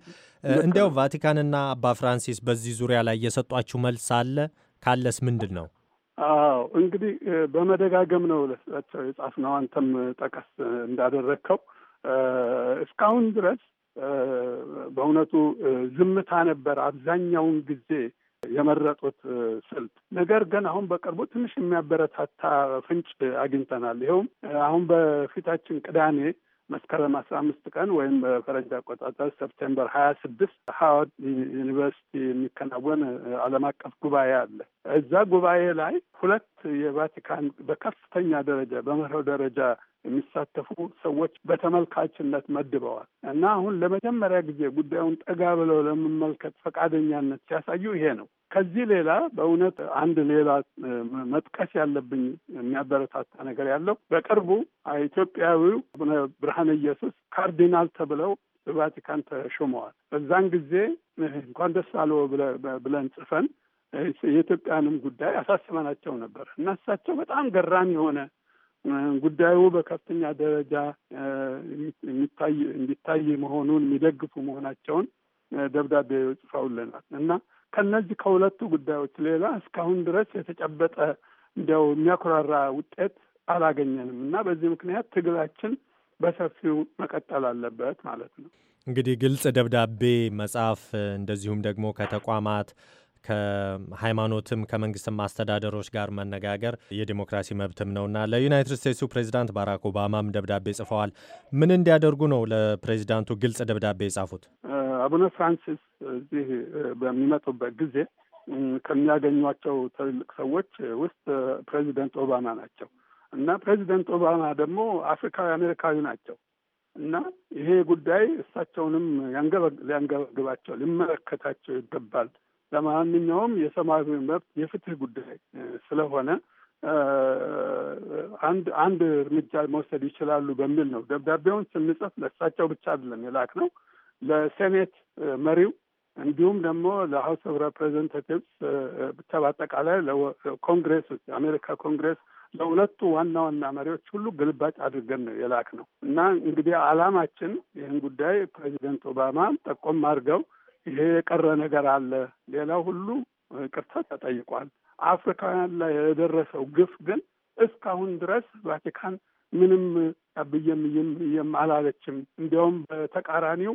እንዲያው ቫቲካንና አባ ፍራንሲስ በዚህ ዙሪያ ላይ የሰጧችሁ መልስ አለ? ካለስ ምንድን ነው? አዎ እንግዲህ በመደጋገም ነው ለሳቸው የጻፍነው፣ አንተም ጠቀስ እንዳደረግከው እስካሁን ድረስ በእውነቱ ዝምታ ነበር አብዛኛውን ጊዜ የመረጡት ስልት። ነገር ግን አሁን በቅርቡ ትንሽ የሚያበረታታ ፍንጭ አግኝተናል። ይኸውም አሁን በፊታችን ቅዳሜ መስከረም አስራ አምስት ቀን ወይም በፈረንጅ አቆጣጠር ሰፕቴምበር ሀያ ስድስት ሀዋርድ ዩኒቨርሲቲ የሚከናወን ዓለም አቀፍ ጉባኤ አለ። እዛ ጉባኤ ላይ ሁለት የቫቲካን በከፍተኛ ደረጃ በመርህ ደረጃ የሚሳተፉ ሰዎች በተመልካችነት መድበዋል እና አሁን ለመጀመሪያ ጊዜ ጉዳዩን ጠጋ ብለው ለመመልከት ፈቃደኛነት ሲያሳዩ ይሄ ነው። ከዚህ ሌላ በእውነት አንድ ሌላ መጥቀስ ያለብኝ የሚያበረታታ ነገር ያለው በቅርቡ ኢትዮጵያዊው ብርሃነ ኢየሱስ ካርዲናል ተብለው በቫቲካን ተሾመዋል። በዛን ጊዜ እንኳን ደስ አለ ብለን ጽፈን የኢትዮጵያንም ጉዳይ አሳስበናቸው ነበር እና እሳቸው በጣም ገራሚ የሆነ ጉዳዩ በከፍተኛ ደረጃ የሚታይ እንዲታይ መሆኑን የሚደግፉ መሆናቸውን ደብዳቤ ጽፈውልናል እና ከነዚህ ከሁለቱ ጉዳዮች ሌላ እስካሁን ድረስ የተጨበጠ እንዲያው የሚያኮራራ ውጤት አላገኘንም እና በዚህ ምክንያት ትግላችን በሰፊው መቀጠል አለበት ማለት ነው። እንግዲህ ግልጽ ደብዳቤ መጻፍ እንደዚሁም ደግሞ ከተቋማት ከሃይማኖትም ከመንግስትም አስተዳደሮች ጋር መነጋገር የዲሞክራሲ መብትም ነውና ለዩናይትድ ስቴትሱ ፕሬዚዳንት ባራክ ኦባማም ደብዳቤ ጽፈዋል። ምን እንዲያደርጉ ነው ለፕሬዚዳንቱ ግልጽ ደብዳቤ የጻፉት? አቡነ ፍራንሲስ እዚህ በሚመጡበት ጊዜ ከሚያገኟቸው ትልልቅ ሰዎች ውስጥ ፕሬዚደንት ኦባማ ናቸው እና ፕሬዚደንት ኦባማ ደግሞ አፍሪካዊ አሜሪካዊ ናቸው እና ይሄ ጉዳይ እሳቸውንም ሊያንገበግባቸው ሊመለከታቸው ይገባል ለማንኛውም የሰማያዊ መብት የፍትህ ጉዳይ ስለሆነ አንድ አንድ እርምጃ መውሰድ ይችላሉ በሚል ነው ደብዳቤውን ስንጽፍ ለእሳቸው ብቻ አይደለም የላክ ነው ለሴኔት መሪው እንዲሁም ደግሞ ለሀውስ ኦፍ ሬፕሬዘንታቲቭስ ብቻ በአጠቃላይ ለኮንግሬስ የአሜሪካ ኮንግሬስ ለሁለቱ ዋና ዋና መሪዎች ሁሉ ግልባጭ አድርገን ነው የላክ ነው እና እንግዲህ አላማችን ይህን ጉዳይ ፕሬዚደንት ኦባማ ጠቆም አድርገው ይሄ የቀረ ነገር አለ። ሌላው ሁሉ ቅርታ ተጠይቋል። አፍሪካውያን ላይ የደረሰው ግፍ ግን እስካሁን ድረስ ቫቲካን ምንም ብየምይም ይም አላለችም። እንዲያውም በተቃራኒው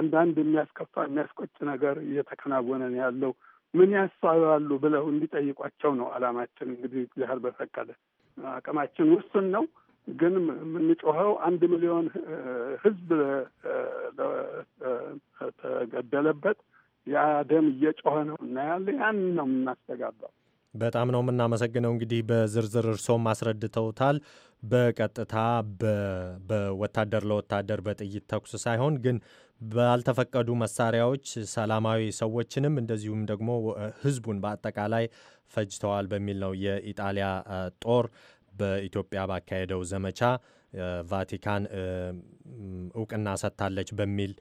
አንዳንድ የሚያስከፋ የሚያስቆጭ ነገር እየተከናወነ ነው ያለው። ምን ያስተዋሉ ብለው እንዲጠይቋቸው ነው አላማችን። እንግዲህ እግዚአብሔር በፈቀደ አቅማችን ውስን ነው። ግን የምንጮኸው አንድ ሚሊዮን ህዝብ ተገደለበት። ያ ደም እየጮኸ ነው እናያለን። ያን ነው የምናስተጋባው። በጣም ነው የምናመሰግነው። እንግዲህ በዝርዝር እርሶም አስረድተውታል። በቀጥታ በወታደር ለወታደር በጥይት ተኩስ ሳይሆን ግን ባልተፈቀዱ መሳሪያዎች ሰላማዊ ሰዎችንም እንደዚሁም ደግሞ ህዝቡን በአጠቃላይ ፈጅተዋል በሚል ነው የኢጣሊያ ጦር በኢትዮጵያ ባካሄደው ዘመቻ ቫቲካን እውቅና ሰጥታለች በሚል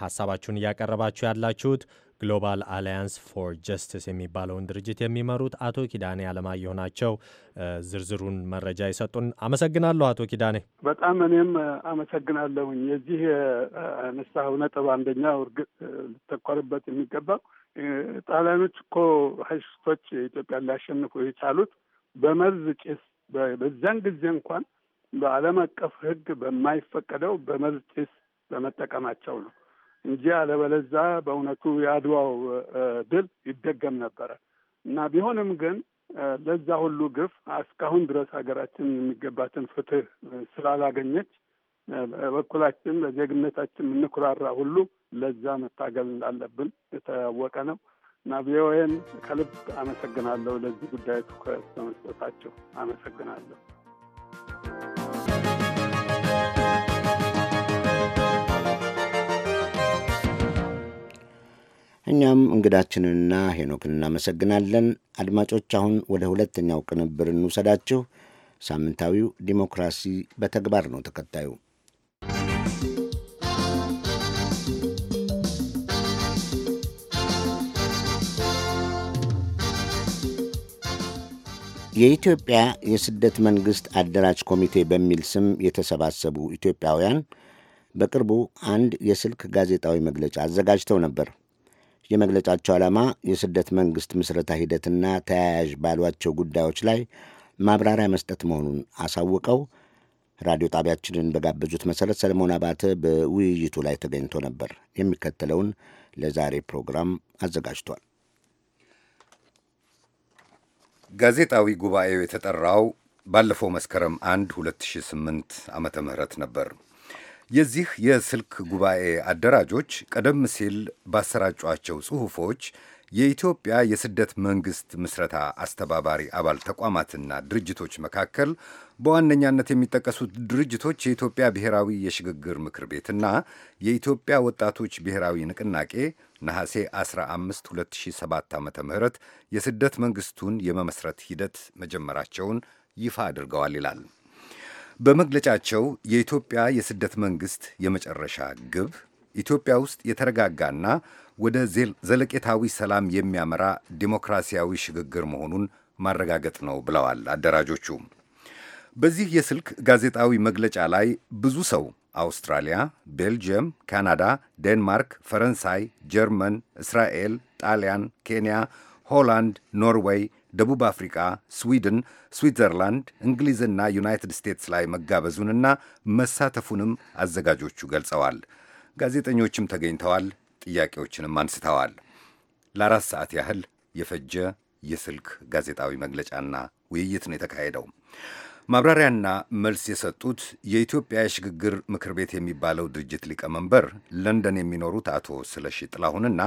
ሀሳባችሁን እያቀረባችሁ ያላችሁት ግሎባል አላያንስ ፎር ጀስቲስ የሚባለውን ድርጅት የሚመሩት አቶ ኪዳኔ አለማየሁ ናቸው። ዝርዝሩን መረጃ የሰጡን አመሰግናለሁ አቶ ኪዳኔ። በጣም እኔም አመሰግናለሁኝ። የዚህ አነሳኸው ነጥብ አንደኛው እርግጥ ልተኮርበት የሚገባው ጣሊያኖች እኮ ፋሽስቶች ኢትዮጵያን ሊያሸንፉ የቻሉት በመርዝ ጭስ በዛን ጊዜ እንኳን በዓለም አቀፍ ሕግ በማይፈቀደው በመርዝ ጭስ በመጠቀማቸው ነው እንጂ አለበለዛ በእውነቱ የአድዋው ድል ይደገም ነበረ እና ቢሆንም ግን ለዛ ሁሉ ግፍ እስካሁን ድረስ ሀገራችን የሚገባትን ፍትህ ስላላገኘች በበኩላችን ለዜግነታችን የምንኩራራ ሁሉ ለዛ መታገል እንዳለብን የታወቀ ነው። እና ቪኦኤን ከልብ አመሰግናለሁ። ለዚህ ጉዳይ ትኩረት በመስጠታቸው አመሰግናለሁ። እኛም እንግዳችንንና ሄኖክን እናመሰግናለን። አድማጮች፣ አሁን ወደ ሁለተኛው ቅንብር እንውሰዳችሁ። ሳምንታዊው ዲሞክራሲ በተግባር ነው ተከታዩ የኢትዮጵያ የስደት መንግሥት አደራጅ ኮሚቴ በሚል ስም የተሰባሰቡ ኢትዮጵያውያን በቅርቡ አንድ የስልክ ጋዜጣዊ መግለጫ አዘጋጅተው ነበር። የመግለጫቸው ዓላማ የስደት መንግሥት ምስረታ ሂደትና ተያያዥ ባሏቸው ጉዳዮች ላይ ማብራሪያ መስጠት መሆኑን አሳውቀው ራዲዮ ጣቢያችንን በጋበዙት መሠረት ሰለሞን አባተ በውይይቱ ላይ ተገኝቶ ነበር። የሚከተለውን ለዛሬ ፕሮግራም አዘጋጅቷል። ጋዜጣዊ ጉባኤው የተጠራው ባለፈው መስከረም 1 2008 ዓመተ ምህረት ነበር። የዚህ የስልክ ጉባኤ አደራጆች ቀደም ሲል ባሰራጯቸው ጽሑፎች የኢትዮጵያ የስደት መንግሥት ምስረታ አስተባባሪ አባል ተቋማትና ድርጅቶች መካከል በዋነኛነት የሚጠቀሱት ድርጅቶች የኢትዮጵያ ብሔራዊ የሽግግር ምክር ቤትና የኢትዮጵያ ወጣቶች ብሔራዊ ንቅናቄ ነሐሴ 15 2007 ዓ ም የስደት መንግሥቱን የመመስረት ሂደት መጀመራቸውን ይፋ አድርገዋል ይላል በመግለጫቸው። የኢትዮጵያ የስደት መንግሥት የመጨረሻ ግብ ኢትዮጵያ ውስጥ የተረጋጋና ወደ ዘለቄታዊ ሰላም የሚያመራ ዲሞክራሲያዊ ሽግግር መሆኑን ማረጋገጥ ነው ብለዋል አደራጆቹ። በዚህ የስልክ ጋዜጣዊ መግለጫ ላይ ብዙ ሰው አውስትራሊያ፣ ቤልጅየም፣ ካናዳ፣ ዴንማርክ፣ ፈረንሳይ፣ ጀርመን፣ እስራኤል፣ ጣሊያን፣ ኬንያ፣ ሆላንድ፣ ኖርዌይ፣ ደቡብ አፍሪካ፣ ስዊድን፣ ስዊትዘርላንድ፣ እንግሊዝና ዩናይትድ ስቴትስ ላይ መጋበዙንና መሳተፉንም አዘጋጆቹ ገልጸዋል። ጋዜጠኞችም ተገኝተዋል። ጥያቄዎችንም አንስተዋል። ለአራት ሰዓት ያህል የፈጀ የስልክ ጋዜጣዊ መግለጫና ውይይት ነው የተካሄደው። ማብራሪያና መልስ የሰጡት የኢትዮጵያ የሽግግር ምክር ቤት የሚባለው ድርጅት ሊቀመንበር ለንደን የሚኖሩት አቶ ስለሺ ጥላሁንና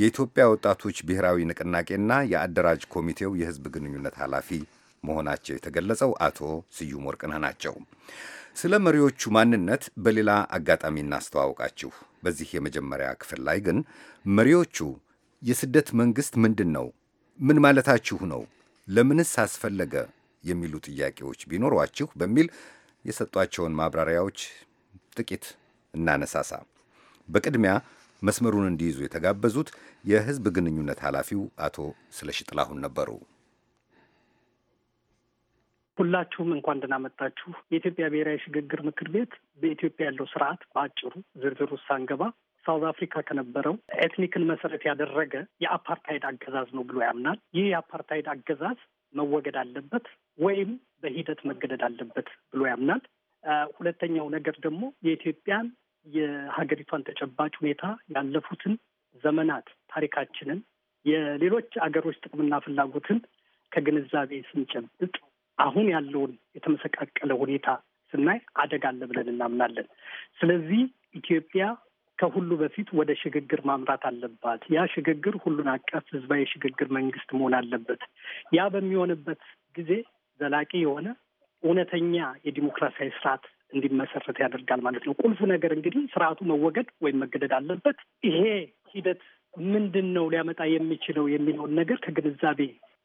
የኢትዮጵያ ወጣቶች ብሔራዊ ንቅናቄና የአደራጅ ኮሚቴው የሕዝብ ግንኙነት ኃላፊ መሆናቸው የተገለጸው አቶ ስዩም ወርቅነህ ናቸው። ስለ መሪዎቹ ማንነት በሌላ አጋጣሚ እናስተዋውቃችሁ። በዚህ የመጀመሪያ ክፍል ላይ ግን መሪዎቹ የስደት መንግሥት ምንድን ነው? ምን ማለታችሁ ነው? ለምንስ አስፈለገ? የሚሉ ጥያቄዎች ቢኖሯችሁ በሚል የሰጧቸውን ማብራሪያዎች ጥቂት እናነሳሳ። በቅድሚያ መስመሩን እንዲይዙ የተጋበዙት የህዝብ ግንኙነት ኃላፊው አቶ ስለሺ ጥላሁን ነበሩ። ሁላችሁም እንኳን ደህና መጣችሁ። የኢትዮጵያ ብሔራዊ ሽግግር ምክር ቤት በኢትዮጵያ ያለው ስርዓት በአጭሩ ዝርዝር ሳንገባ ሳውዝ አፍሪካ ከነበረው ኤትኒክን መሰረት ያደረገ የአፓርታይድ አገዛዝ ነው ብሎ ያምናል። ይህ የአፓርታይድ አገዛዝ መወገድ አለበት ወይም በሂደት መገደድ አለበት ብሎ ያምናል። ሁለተኛው ነገር ደግሞ የኢትዮጵያን የሀገሪቷን ተጨባጭ ሁኔታ ያለፉትን ዘመናት ታሪካችንን፣ የሌሎች አገሮች ጥቅምና ፍላጎትን ከግንዛቤ ስንጨብጥ አሁን ያለውን የተመሰቃቀለ ሁኔታ ስናይ አደጋ አለ ብለን እናምናለን። ስለዚህ ኢትዮጵያ ከሁሉ በፊት ወደ ሽግግር ማምራት አለባት። ያ ሽግግር ሁሉን አቀፍ ህዝባዊ ሽግግር መንግስት መሆን አለበት። ያ በሚሆንበት ጊዜ ዘላቂ የሆነ እውነተኛ የዲሞክራሲያዊ ስርዓት እንዲመሰረት ያደርጋል ማለት ነው። ቁልፉ ነገር እንግዲህ ስርዓቱ መወገድ ወይም መገደድ አለበት። ይሄ ሂደት ምንድን ነው ሊያመጣ የሚችለው የሚለውን ነገር ከግንዛቤ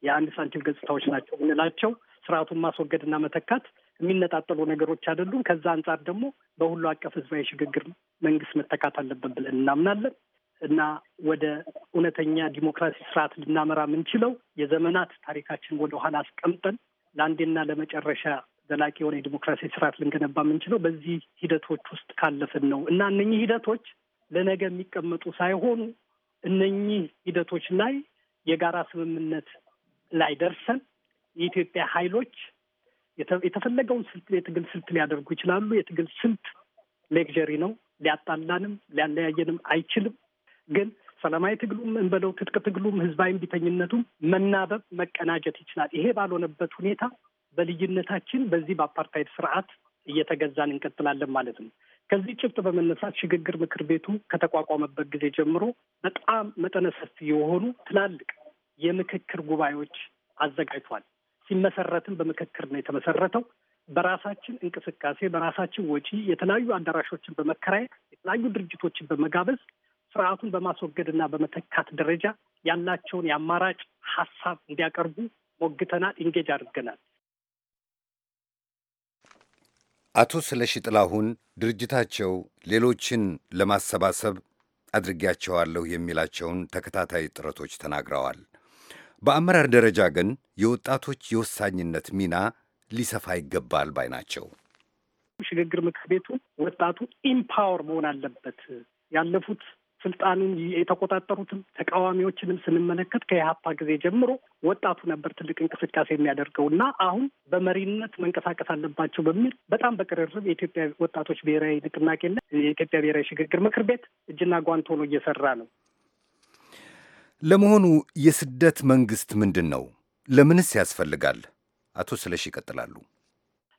የአንድ ሳንቲም ገጽታዎች ናቸው የምንላቸው ስርዓቱን ማስወገድና መተካት የሚነጣጠሉ ነገሮች አይደሉም። ከዛ አንጻር ደግሞ በሁሉ አቀፍ ህዝባዊ ሽግግር መንግስት መተካት አለበት ብለን እናምናለን እና ወደ እውነተኛ ዲሞክራሲ ስርዓት ልናመራ የምንችለው የዘመናት ታሪካችን ወደ ኋላ አስቀምጠን ለአንዴና ለመጨረሻ ዘላቂ የሆነ የዲሞክራሲ ስርዓት ልንገነባ የምንችለው በዚህ ሂደቶች ውስጥ ካለፍን ነው እና እነኚህ ሂደቶች ለነገ የሚቀመጡ ሳይሆኑ እነኚህ ሂደቶች ላይ የጋራ ስምምነት ላይ ደርሰን የኢትዮጵያ ኃይሎች የተፈለገውን ስልት የትግል ስልት ሊያደርጉ ይችላሉ። የትግል ስልት ሌክዠሪ ነው። ሊያጣላንም ሊያለያየንም አይችልም። ግን ሰላማዊ ትግሉም እንበለው ትጥቅ ትግሉም ህዝባዊ ቢተኝነቱም መናበብ፣ መቀናጀት ይችላል። ይሄ ባልሆነበት ሁኔታ በልዩነታችን በዚህ በአፓርታይድ ስርዓት እየተገዛን እንቀጥላለን ማለት ነው። ከዚህ ጭብጥ በመነሳት ሽግግር ምክር ቤቱ ከተቋቋመበት ጊዜ ጀምሮ በጣም መጠነ ሰፊ የሆኑ ትላልቅ የምክክር ጉባኤዎች አዘጋጅቷል። ሲመሰረትም በምክክር ነው የተመሰረተው። በራሳችን እንቅስቃሴ በራሳችን ወጪ የተለያዩ አዳራሾችን በመከራየት የተለያዩ ድርጅቶችን በመጋበዝ ስርዓቱን በማስወገድ እና በመተካት ደረጃ ያላቸውን የአማራጭ ሀሳብ እንዲያቀርቡ ሞግተናል፣ ኢንጌጅ አድርገናል። አቶ ስለሺ ጥላሁን ድርጅታቸው ሌሎችን ለማሰባሰብ አድርጌያቸዋለሁ የሚላቸውን ተከታታይ ጥረቶች ተናግረዋል። በአመራር ደረጃ ግን የወጣቶች የወሳኝነት ሚና ሊሰፋ ይገባል ባይ ናቸው። ሽግግር ምክር ቤቱ ወጣቱ ኢምፓወር መሆን አለበት። ያለፉት ስልጣኑን የተቆጣጠሩትም ተቃዋሚዎችንም ስንመለከት ከኢህአፓ ጊዜ ጀምሮ ወጣቱ ነበር ትልቅ እንቅስቃሴ የሚያደርገው እና አሁን በመሪነት መንቀሳቀስ አለባቸው በሚል በጣም በቅርርብ የኢትዮጵያ ወጣቶች ብሔራዊ ንቅናቄና የኢትዮጵያ ብሔራዊ ሽግግር ምክር ቤት እጅና ጓንት ሆኖ እየሰራ ነው። ለመሆኑ የስደት መንግስት ምንድን ነው? ለምንስ ያስፈልጋል? አቶ ስለሽ ይቀጥላሉ።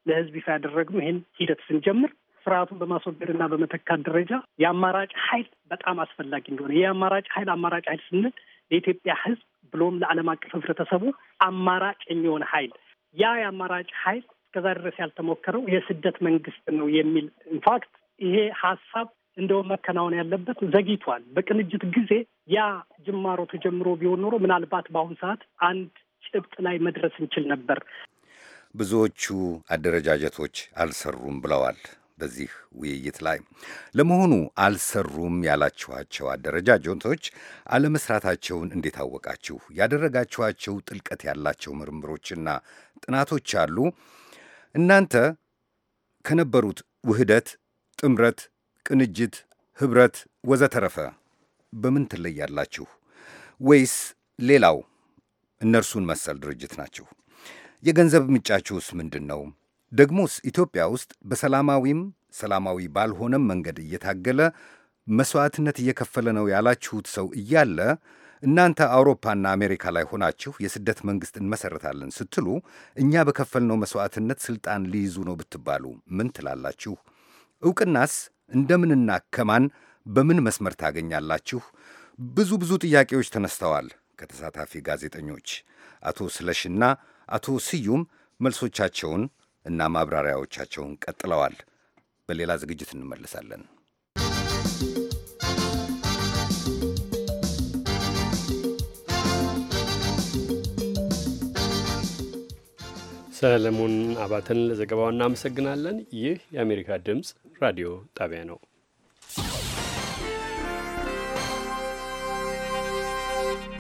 ለህዝብ ይፋ ያደረግነው ይህን ሂደት ስንጀምር ስርዓቱን በማስወገድና በመተካት ደረጃ የአማራጭ ኃይል በጣም አስፈላጊ እንደሆነ ይህ አማራጭ ኃይል አማራጭ ኃይል ስንል ለኢትዮጵያ ህዝብ ብሎም ለዓለም አቀፍ ህብረተሰቡ አማራጭ የሚሆን ኃይል ያ የአማራጭ ኃይል እስከዛ ድረስ ያልተሞከረው የስደት መንግስት ነው የሚል ኢንፋክት ይሄ ሀሳብ እንደውም መከናወን ያለበት ዘግይቷል። በቅንጅት ጊዜ ያ ጅማሮ ተጀምሮ ቢሆን ኖሮ ምናልባት በአሁኑ ሰዓት አንድ ጭብጥ ላይ መድረስ እንችል ነበር። ብዙዎቹ አደረጃጀቶች አልሰሩም ብለዋል። በዚህ ውይይት ላይ ለመሆኑ አልሰሩም ያላችኋቸው አደረጃጀቶች አለመስራታቸውን እንዴት አወቃችሁ? ያደረጋችኋቸው ጥልቀት ያላቸው ምርምሮችና ጥናቶች አሉ? እናንተ ከነበሩት ውህደት፣ ጥምረት ቅንጅት፣ ኅብረት ወዘተረፈ በምን ትለያላችሁ? ወይስ ሌላው እነርሱን መሰል ድርጅት ናችሁ? የገንዘብ ምንጫችሁስ ምንድን ነው? ደግሞስ ኢትዮጵያ ውስጥ በሰላማዊም ሰላማዊ ባልሆነም መንገድ እየታገለ መሥዋዕትነት እየከፈለ ነው ያላችሁት ሰው እያለ እናንተ አውሮፓና አሜሪካ ላይ ሆናችሁ የስደት መንግሥት እንመሠረታለን ስትሉ እኛ በከፈልነው መሥዋዕትነት ሥልጣን ሊይዙ ነው ብትባሉ ምን ትላላችሁ? ዕውቅናስ እንደምንና ከማን በምን መስመር ታገኛላችሁ? ብዙ ብዙ ጥያቄዎች ተነስተዋል ከተሳታፊ ጋዜጠኞች አቶ ስለሽና አቶ ስዩም መልሶቻቸውን እና ማብራሪያዎቻቸውን ቀጥለዋል። በሌላ ዝግጅት እንመልሳለን። ሰለሞን አባተን ለዘገባው እናመሰግናለን። ይህ የአሜሪካ ድምፅ ራዲዮ ጣቢያ ነው።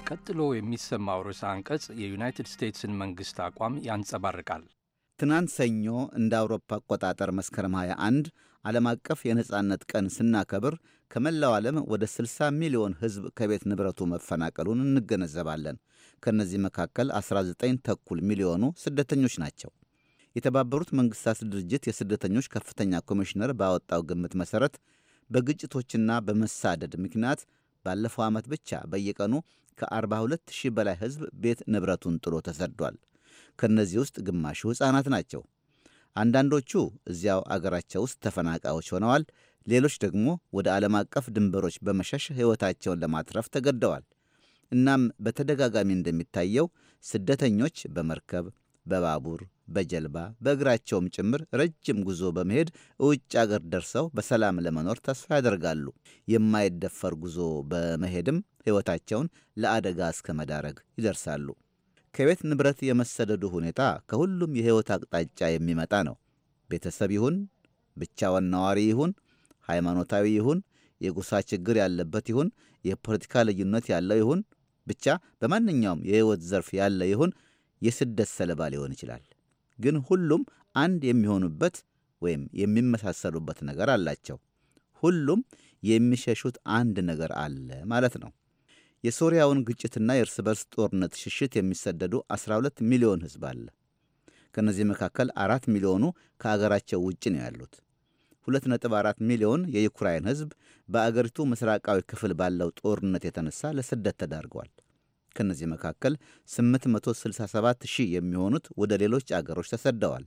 ቀጥሎ የሚሰማው ርዕሰ አንቀጽ የዩናይትድ ስቴትስን መንግሥት አቋም ያንጸባርቃል። ትናንት ሰኞ እንደ አውሮፓ አቆጣጠር መስከረም 21 ዓለም አቀፍ የነጻነት ቀን ስናከብር ከመላው ዓለም ወደ 60 ሚሊዮን ሕዝብ ከቤት ንብረቱ መፈናቀሉን እንገነዘባለን። ከእነዚህ መካከል 19 ተኩል ሚሊዮኑ ስደተኞች ናቸው። የተባበሩት መንግስታት ድርጅት የስደተኞች ከፍተኛ ኮሚሽነር ባወጣው ግምት መሠረት በግጭቶችና በመሳደድ ምክንያት ባለፈው ዓመት ብቻ በየቀኑ ከ42 ሺህ በላይ ሕዝብ ቤት ንብረቱን ጥሎ ተሰዷል። ከእነዚህ ውስጥ ግማሹ ሕፃናት ናቸው። አንዳንዶቹ እዚያው አገራቸው ውስጥ ተፈናቃዮች ሆነዋል። ሌሎች ደግሞ ወደ ዓለም አቀፍ ድንበሮች በመሸሽ ሕይወታቸውን ለማትረፍ ተገደዋል። እናም በተደጋጋሚ እንደሚታየው ስደተኞች በመርከብ፣ በባቡር፣ በጀልባ፣ በእግራቸውም ጭምር ረጅም ጉዞ በመሄድ ውጭ አገር ደርሰው በሰላም ለመኖር ተስፋ ያደርጋሉ። የማይደፈር ጉዞ በመሄድም ሕይወታቸውን ለአደጋ እስከ መዳረግ ይደርሳሉ። ከቤት ንብረት የመሰደዱ ሁኔታ ከሁሉም የሕይወት አቅጣጫ የሚመጣ ነው። ቤተሰብ ይሁን፣ ብቻውን ነዋሪ ይሁን፣ ሃይማኖታዊ ይሁን፣ የጎሳ ችግር ያለበት ይሁን፣ የፖለቲካ ልዩነት ያለው ይሁን ብቻ በማንኛውም የሕይወት ዘርፍ ያለ ይሁን የስደት ሰለባ ሊሆን ይችላል። ግን ሁሉም አንድ የሚሆኑበት ወይም የሚመሳሰሉበት ነገር አላቸው። ሁሉም የሚሸሹት አንድ ነገር አለ ማለት ነው። የሶሪያውን ግጭትና የእርስ በርስ ጦርነት ሽሽት የሚሰደዱ 12 ሚሊዮን ሕዝብ አለ። ከእነዚህ መካከል አራት ሚሊዮኑ ከአገራቸው ውጭ ነው ያሉት። 2.4 ሚሊዮን የዩክራይን ሕዝብ በአገሪቱ ምስራቃዊ ክፍል ባለው ጦርነት የተነሳ ለስደት ተዳርጓል። ከነዚህ መካከል 867 ሺህ የሚሆኑት ወደ ሌሎች አገሮች ተሰደዋል።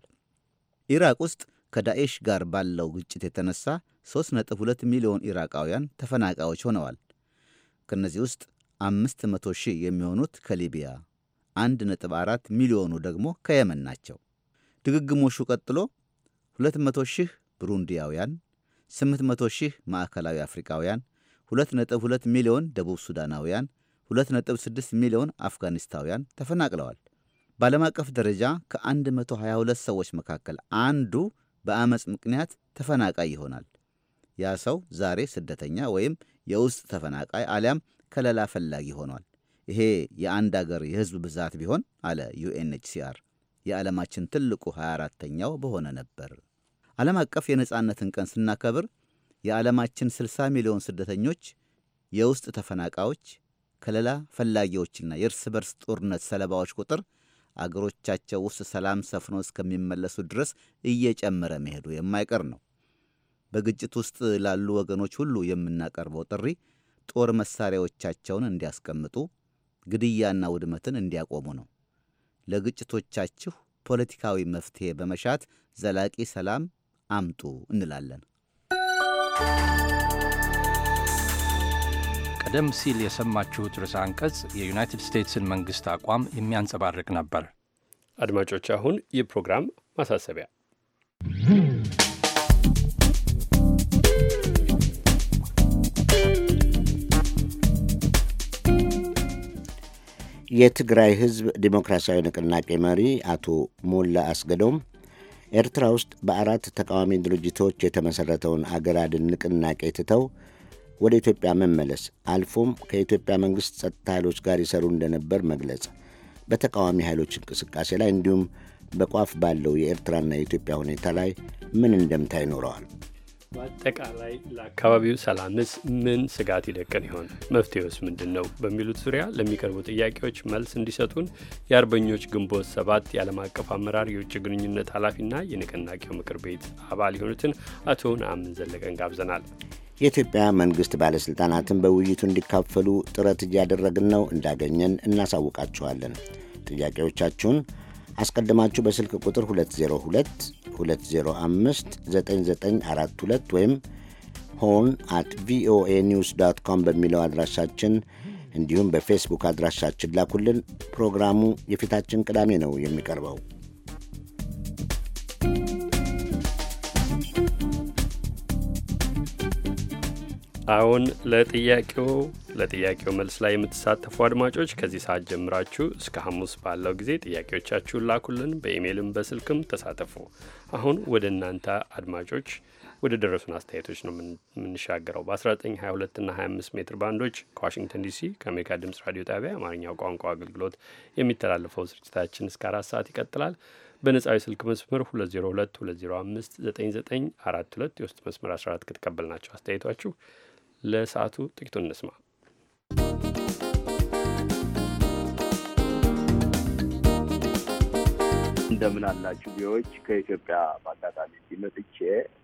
ኢራቅ ውስጥ ከዳኤሽ ጋር ባለው ግጭት የተነሳ 3.2 ሚሊዮን ኢራቃውያን ተፈናቃዮች ሆነዋል። ከነዚህ ውስጥ 500 ሺህ የሚሆኑት ከሊቢያ 1.4 ሚሊዮኑ ደግሞ ከየመን ናቸው። ድግግሞሹ ቀጥሎ 200 ሺህ ብሩንዲያውያን፣ 800 ሺህ ማዕከላዊ አፍሪካውያን፣ 2.2 ሚሊዮን ደቡብ ሱዳናውያን፣ 2.6 ሚሊዮን አፍጋኒስታውያን ተፈናቅለዋል። በዓለም አቀፍ ደረጃ ከ122 ሰዎች መካከል አንዱ በአመፅ ምክንያት ተፈናቃይ ይሆናል። ያ ሰው ዛሬ ስደተኛ ወይም የውስጥ ተፈናቃይ አሊያም ከለላ ፈላጊ ሆኗል። ይሄ የአንድ አገር የሕዝብ ብዛት ቢሆን አለ ዩኤንኤችሲአር፣ የዓለማችን ትልቁ 24ተኛው በሆነ ነበር። ዓለም አቀፍ የነጻነትን ቀን ስናከብር የዓለማችን 60 ሚሊዮን ስደተኞች፣ የውስጥ ተፈናቃዮች፣ ከለላ ፈላጊዎችና የእርስ በርስ ጦርነት ሰለባዎች ቁጥር አገሮቻቸው ውስጥ ሰላም ሰፍኖ እስከሚመለሱ ድረስ እየጨመረ መሄዱ የማይቀር ነው። በግጭት ውስጥ ላሉ ወገኖች ሁሉ የምናቀርበው ጥሪ ጦር መሳሪያዎቻቸውን እንዲያስቀምጡ፣ ግድያና ውድመትን እንዲያቆሙ ነው። ለግጭቶቻችሁ ፖለቲካዊ መፍትሔ በመሻት ዘላቂ ሰላም አምጡ እንላለን። ቀደም ሲል የሰማችሁት ርዕሰ አንቀጽ የዩናይትድ ስቴትስን መንግሥት አቋም የሚያንጸባርቅ ነበር። አድማጮች፣ አሁን የፕሮግራም ማሳሰቢያ የትግራይ ሕዝብ ዲሞክራሲያዊ ንቅናቄ መሪ አቶ ሞላ አስገዶም ኤርትራ ውስጥ በአራት ተቃዋሚ ድርጅቶች የተመሠረተውን አገር አድን ንቅናቄ ትተው ወደ ኢትዮጵያ መመለስ አልፎም ከኢትዮጵያ መንግሥት ጸጥታ ኃይሎች ጋር ይሰሩ እንደነበር መግለጽ፣ በተቃዋሚ ኃይሎች እንቅስቃሴ ላይ እንዲሁም በቋፍ ባለው የኤርትራና የኢትዮጵያ ሁኔታ ላይ ምን እንደምታ ይኖረዋል? በአጠቃላይ ለአካባቢው ሰላምስ ምን ስጋት ይደቀን ይሆን? መፍትሄውስ ምንድን ነው? በሚሉት ዙሪያ ለሚቀርቡ ጥያቄዎች መልስ እንዲሰጡን የአርበኞች ግንቦት ሰባት የዓለም አቀፍ አመራር የውጭ ግንኙነት ኃላፊና የንቅናቄው ምክር ቤት አባል የሆኑትን አቶ ነአምን ዘለቀን ጋብዘናል። የኢትዮጵያ መንግስት ባለሥልጣናትን በውይይቱ እንዲካፈሉ ጥረት እያደረግን ነው። እንዳገኘን እናሳውቃችኋለን። ጥያቄዎቻችሁን አስቀድማችሁ በስልክ ቁጥር 202 205 ወይም ሆን አት ቪኦኤ ኒውስ ዶት ኮም በሚለው አድራሻችን እንዲሁም በፌስቡክ አድራሻችን ላኩልን። ፕሮግራሙ የፊታችን ቅዳሜ ነው የሚቀርበው። አሁን ለጥያቄው ለጥያቄው መልስ ላይ የምትሳተፉ አድማጮች ከዚህ ሰዓት ጀምራችሁ እስከ ሐሙስ ባለው ጊዜ ጥያቄዎቻችሁን ላኩልን። በኢሜይልም በስልክም ተሳተፉ። አሁን ወደ እናንተ አድማጮች ወደ ደረሱን አስተያየቶች ነው የምንሻገረው። በ1922 እና 25 ሜትር ባንዶች ከዋሽንግተን ዲሲ ከአሜሪካ ድምፅ ራዲዮ ጣቢያ አማርኛው ቋንቋ አገልግሎት የሚተላለፈው ስርጭታችን እስከ አራት ሰዓት ይቀጥላል። በነጻዊ ስልክ መስመር 2022059942 የውስጥ መስመር 14 ከተቀበልናቸው አስተያየቷችሁ ለሰዓቱ ጥቂቱን እንስማ። እንደምን አላችሁ ቢዎች ከኢትዮጵያ በአጋጣሚ ሲመጥቼ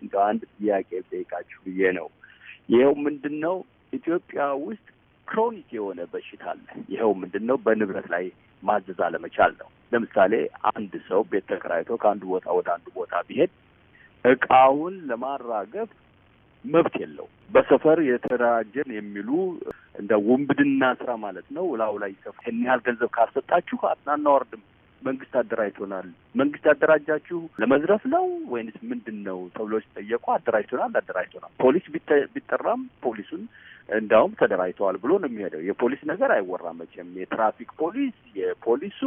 እንደ አንድ ጥያቄ ጠይቃችሁ ብዬ ነው። ይኸው ምንድን ነው ኢትዮጵያ ውስጥ ክሮኒክ የሆነ በሽታ አለ። ይኸው ምንድን ነው በንብረት ላይ ማዘዝ አለመቻል ነው። ለምሳሌ አንድ ሰው ቤት ተከራይቶ ከአንዱ ቦታ ወደ አንዱ ቦታ ቢሄድ እቃውን ለማራገፍ መብት የለው በሰፈር የተደራጀን የሚሉ እንደ ውንብድና ስራ ማለት ነው። ውላው ላይ ሰፍ ይህን ያህል ገንዘብ ካልሰጣችሁ አናናወርድም። መንግስት አደራጅቶናል። መንግስት ያደራጃችሁ ለመዝረፍ ነው ወይንስ ምንድን ነው ተብሎ ሲጠየቁ አደራጅቶናል፣ አደራጅቶናል። ፖሊስ ቢጠራም ፖሊሱን እንዲያውም ተደራጅተዋል ብሎ ነው የሚሄደው። የፖሊስ ነገር አይወራ መቼም። የትራፊክ ፖሊስ የፖሊሱ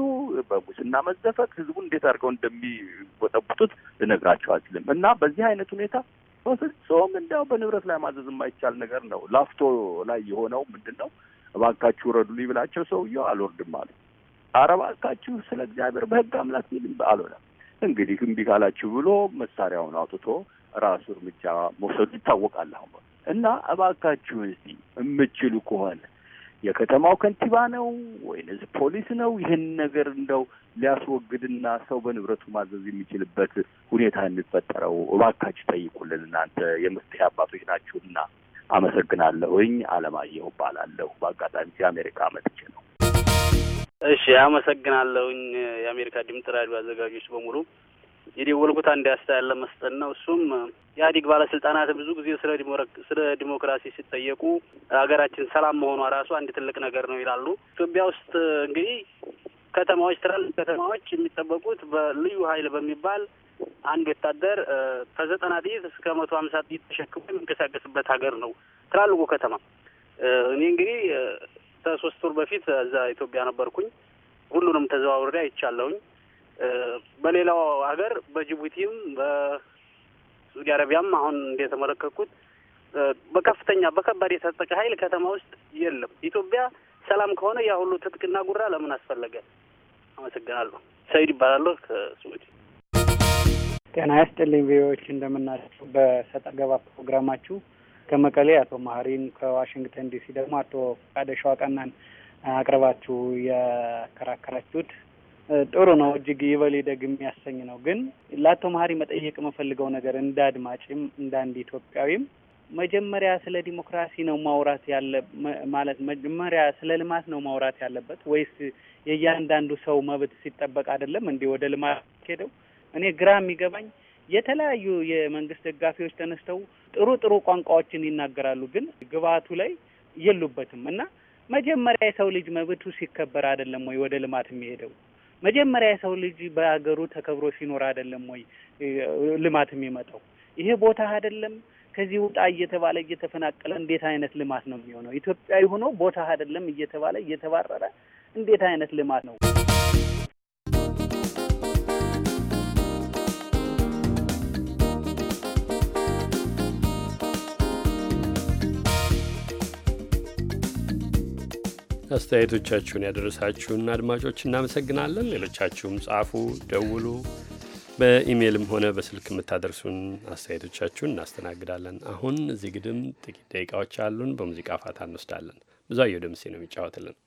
በሙስና መዘፈቅ ህዝቡን እንዴት አድርገው እንደሚወጠቡጡት ልነግራቸው አልችልም። እና በዚህ አይነት ሁኔታ በፍጹም እንዲያው በንብረት ላይ ማዘዝ የማይቻል ነገር ነው። ላፍቶ ላይ የሆነው ምንድን ነው? እባካችሁ ረዱልኝ ብላቸው ሰውየው አልወርድም አሉ። ኧረ እባካችሁ ስለ እግዚአብሔር በህግ አምላክ ሚልም አልሆነ። እንግዲህ እምቢ ካላችሁ ብሎ መሳሪያውን አውጥቶ ራሱ እርምጃ መውሰዱ ይታወቃል። አሁን እና እባካችሁ እስቲ የምችሉ ከሆነ የከተማው ከንቲባ ነው ወይንስ ፖሊስ ነው? ይህን ነገር እንደው ሊያስወግድና ሰው በንብረቱ ማዘዝ የሚችልበት ሁኔታ የሚፈጠረው እባካችሁ ጠይቁልን። እናንተ የመፍትሄ አባቶች ናችሁና። አመሰግናለሁኝ። አለማየሁ እባላለሁ። በአጋጣሚ የአሜሪካ መጥቼ ነው። እሺ፣ አመሰግናለሁኝ። የአሜሪካ ድምጽ ራዲዮ አዘጋጆች በሙሉ የደወልኩት አንድ አስተያየት ለመስጠት ነው። እሱም የአዲግ ባለስልጣናት ብዙ ጊዜ ስለ ዲሞክራሲ ሲጠየቁ ሀገራችን ሰላም መሆኗ ራሱ አንድ ትልቅ ነገር ነው ይላሉ። ኢትዮጵያ ውስጥ እንግዲህ ከተማዎች፣ ትላልቅ ከተማዎች የሚጠበቁት በልዩ ኃይል በሚባል አንድ ወታደር ከዘጠና ጥይት እስከ መቶ ሀምሳ ጥይት ተሸክሞ የሚንቀሳቀስበት ሀገር ነው ትላልቁ ከተማ። እኔ እንግዲህ ከሶስት ወር በፊት እዛ ኢትዮጵያ ነበርኩኝ። ሁሉንም ተዘዋውሬ አይቻለሁኝ። በሌላው ሀገር በጅቡቲም በሳዑዲ አረቢያም አሁን እንደተመለከትኩት በከፍተኛ በከባድ የታጠቀ ኃይል ከተማ ውስጥ የለም። ኢትዮጵያ ሰላም ከሆነ ያ ሁሉ ትጥቅና ጉራ ለምን አስፈለገ? አመሰግናለሁ። ሰይድ ይባላለሁ ከሳዑዲ። ጤና ያስጥልኝ ቪዎች እንደምናቸው በሰጥ ፕሮግራማችሁ ከመቀሌ አቶ ማህሪን ከዋሽንግተን ዲሲ ደግሞ አቶ ፈቃደ ሸዋቀናን አቅርባችሁ የከራከራችሁት ጥሩ ነው። እጅግ ይበል ይደግ የሚያሰኝ ነው። ግን ለአቶ መሀሪ መጠየቅ የምፈልገው ነገር እንደ አድማጭም እንደ አንድ ኢትዮጵያዊም መጀመሪያ ስለ ዲሞክራሲ ነው ማውራት ያለ ማለት መጀመሪያ ስለ ልማት ነው ማውራት ያለበት ወይስ የእያንዳንዱ ሰው መብት ሲጠበቅ አይደለም እንዲህ ወደ ልማት ሄደው? እኔ ግራ የሚገባኝ የተለያዩ የመንግስት ደጋፊዎች ተነስተው ጥሩ ጥሩ ቋንቋዎችን ይናገራሉ፣ ግን ግብአቱ ላይ የሉበትም እና መጀመሪያ የሰው ልጅ መብቱ ሲከበር አይደለም ወይ ወደ ልማት የሚሄደው? መጀመሪያ የሰው ልጅ በሀገሩ ተከብሮ ሲኖር አይደለም ወይ ልማት የሚመጣው? ይሄ ቦታ አይደለም ከዚህ ውጣ እየተባለ እየተፈናቀለ እንዴት አይነት ልማት ነው የሚሆነው? ኢትዮጵያዊ ሆኖ ቦታ አይደለም እየተባለ እየተባረረ እንዴት አይነት ልማት ነው? አስተያየቶቻችሁን ያደረሳችሁን አድማጮች እናመሰግናለን። ሌሎቻችሁም ጻፉ፣ ደውሉ። በኢሜይልም ሆነ በስልክ የምታደርሱን አስተያየቶቻችሁን እናስተናግዳለን። አሁን እዚህ ግድም ጥቂት ደቂቃዎች አሉን። በሙዚቃ ፋታ እንወስዳለን። ብዙአየሁ ደምሴ ነው የሚጫወትልን።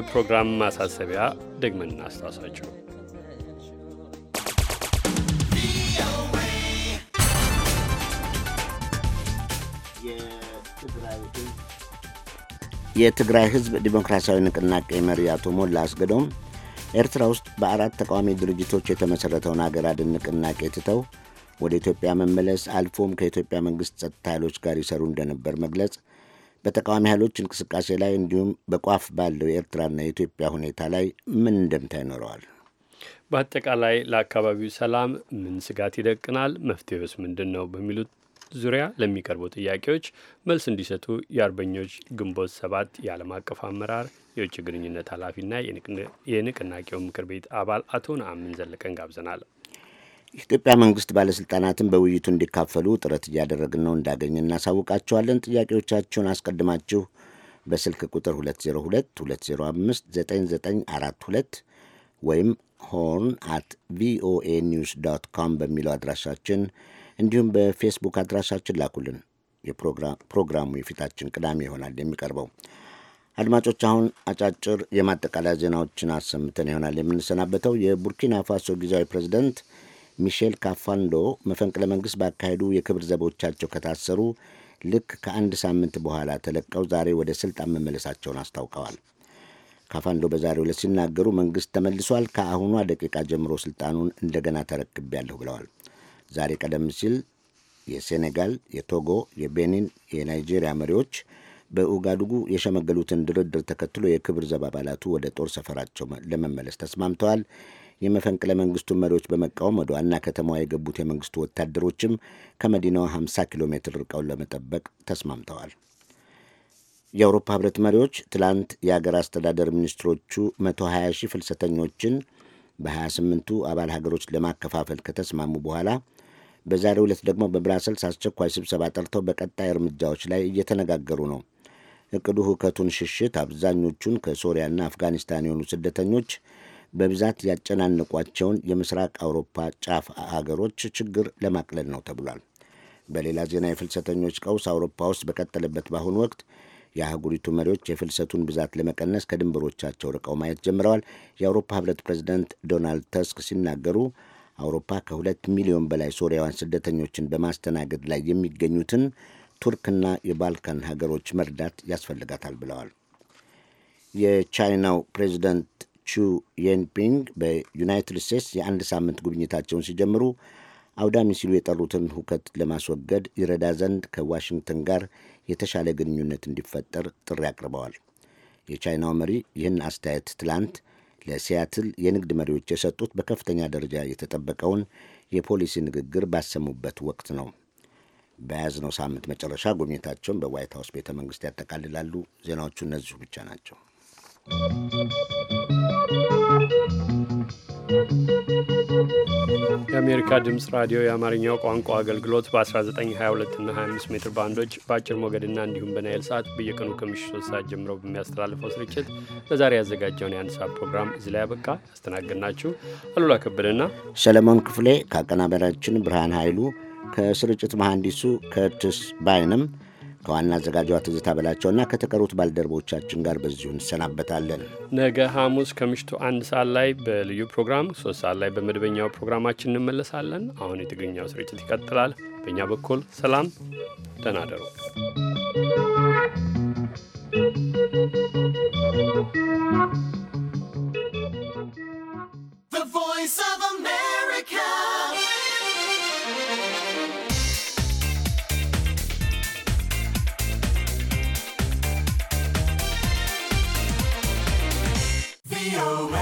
የፕሮግራም ማሳሰቢያ ደግመን እናስታውሳችሁ። የትግራይ ሕዝብ ዲሞክራሲያዊ ንቅናቄ መሪ አቶ ሞላ አስገዶም ኤርትራ ውስጥ በአራት ተቃዋሚ ድርጅቶች የተመሠረተውን ሀገር አድን ንቅናቄ ትተው ወደ ኢትዮጵያ መመለስ አልፎም ከኢትዮጵያ መንግሥት ጸጥታ ኃይሎች ጋር ይሰሩ እንደነበር መግለጽ በተቃዋሚ ኃይሎች እንቅስቃሴ ላይ እንዲሁም በቋፍ ባለው የኤርትራና የኢትዮጵያ ሁኔታ ላይ ምን እንደምታ ይኖረዋል? በአጠቃላይ ለአካባቢው ሰላም ምን ስጋት ይደቅናል? መፍትሄውስ ምንድን ነው? በሚሉት ዙሪያ ለሚቀርቡ ጥያቄዎች መልስ እንዲሰጡ የአርበኞች ግንቦት ሰባት የዓለም አቀፍ አመራር የውጭ ግንኙነት ኃላፊና የንቅናቄው ምክር ቤት አባል አቶ ነአምን ዘለቀን ጋብዘናል። የኢትዮጵያ መንግስት ባለስልጣናትን በውይይቱ እንዲካፈሉ ጥረት እያደረግን ነው። እንዳገኝ እናሳውቃችኋለን። ጥያቄዎቻችሁን አስቀድማችሁ በስልክ ቁጥር 2022059942 ወይም ሆርን አት ቪኦኤ ኒውስ ዶት ኮም በሚለው አድራሻችን እንዲሁም በፌስቡክ አድራሻችን ላኩልን። የፕሮግራሙ የፊታችን ቅዳሜ ይሆናል የሚቀርበው። አድማጮች አሁን አጫጭር የማጠቃለያ ዜናዎችን አሰምተን ይሆናል የምንሰናበተው። የቡርኪና ፋሶ ጊዜያዊ ፕሬዚደንት ሚሼል ካፋንዶ መፈንቅለ መንግሥት ባካሄዱ የክብር ዘቦቻቸው ከታሰሩ ልክ ከአንድ ሳምንት በኋላ ተለቀው ዛሬ ወደ ስልጣን መመለሳቸውን አስታውቀዋል። ካፋንዶ በዛሬው ዕለት ሲናገሩ መንግሥት ተመልሷል፣ ከአሁኗ ደቂቃ ጀምሮ ስልጣኑን እንደገና ተረክቤያለሁ ብለዋል። ዛሬ ቀደም ሲል የሴኔጋል፣ የቶጎ፣ የቤኒን፣ የናይጄሪያ መሪዎች በኡጋዱጉ የሸመገሉትን ድርድር ተከትሎ የክብር ዘብ አባላቱ ወደ ጦር ሰፈራቸው ለመመለስ ተስማምተዋል። የመፈንቅለ መንግስቱን መሪዎች በመቃወም ወደ ዋና ከተማዋ የገቡት የመንግስቱ ወታደሮችም ከመዲናዋ 50 ኪሎ ሜትር ርቀውን ለመጠበቅ ተስማምተዋል። የአውሮፓ ህብረት መሪዎች ትላንት የአገር አስተዳደር ሚኒስትሮቹ 120 ሺህ ፍልሰተኞችን በ28ቱ አባል ሀገሮች ለማከፋፈል ከተስማሙ በኋላ በዛሬው ዕለት ደግሞ በብራሰልስ አስቸኳይ ስብሰባ ጠርተው በቀጣይ እርምጃዎች ላይ እየተነጋገሩ ነው። እቅዱ ሁከቱን ሽሽት አብዛኞቹን ከሶሪያና አፍጋኒስታን የሆኑ ስደተኞች በብዛት ያጨናነቋቸውን የምስራቅ አውሮፓ ጫፍ አገሮች ችግር ለማቅለል ነው ተብሏል። በሌላ ዜና የፍልሰተኞች ቀውስ አውሮፓ ውስጥ በቀጠለበት በአሁኑ ወቅት የአህጉሪቱ መሪዎች የፍልሰቱን ብዛት ለመቀነስ ከድንበሮቻቸው ርቀው ማየት ጀምረዋል። የአውሮፓ ህብረት ፕሬዚደንት ዶናልድ ተስክ ሲናገሩ አውሮፓ ከሁለት ሚሊዮን በላይ ሶሪያውያን ስደተኞችን በማስተናገድ ላይ የሚገኙትን ቱርክና የባልካን ሀገሮች መርዳት ያስፈልጋታል ብለዋል። የቻይናው ፕሬዚደንት ቹ የንፒንግ በዩናይትድ ስቴትስ የአንድ ሳምንት ጉብኝታቸውን ሲጀምሩ አውዳሚ ሲሉ የጠሩትን ሁከት ለማስወገድ ይረዳ ዘንድ ከዋሽንግተን ጋር የተሻለ ግንኙነት እንዲፈጠር ጥሪ አቅርበዋል። የቻይናው መሪ ይህን አስተያየት ትላንት ለሲያትል የንግድ መሪዎች የሰጡት በከፍተኛ ደረጃ የተጠበቀውን የፖሊሲ ንግግር ባሰሙበት ወቅት ነው። በያዝነው ሳምንት መጨረሻ ጉብኝታቸውን በዋይት ሀውስ ቤተ መንግስት ያጠቃልላሉ። ዜናዎቹ እነዚሁ ብቻ ናቸው። የአሜሪካ ድምፅ ራዲዮ የአማርኛው ቋንቋ አገልግሎት በ1922 እና 25 ሜትር ባንዶች በአጭር ሞገድና እንዲሁም በናይል ሰዓት በየቀኑ ከምሽቱ 3 ሰዓት ጀምሮ በሚያስተላልፈው ስርጭት ለዛሬ ያዘጋጀውን የአንድ ሰዓት ፕሮግራም እዚህ ላይ ያበቃ። ያስተናገድናችሁ አሉላ ከበደና ሰለሞን ክፍሌ ከአቀናበራችን ብርሃን ኃይሉ ከስርጭት መሐንዲሱ ከርትስ ባይንም ከዋና አዘጋጇ ትዝታ በላቸውና ከተቀሩት ባልደረቦቻችን ጋር በዚሁ እንሰናበታለን። ነገ ሐሙስ ከምሽቱ አንድ ሰዓት ላይ በልዩ ፕሮግራም፣ ሶስት ሰዓት ላይ በመደበኛው ፕሮግራማችን እንመለሳለን። አሁን የትግርኛው ስርጭት ይቀጥላል። በእኛ በኩል ሰላም፣ ደህና ደሩ። Radio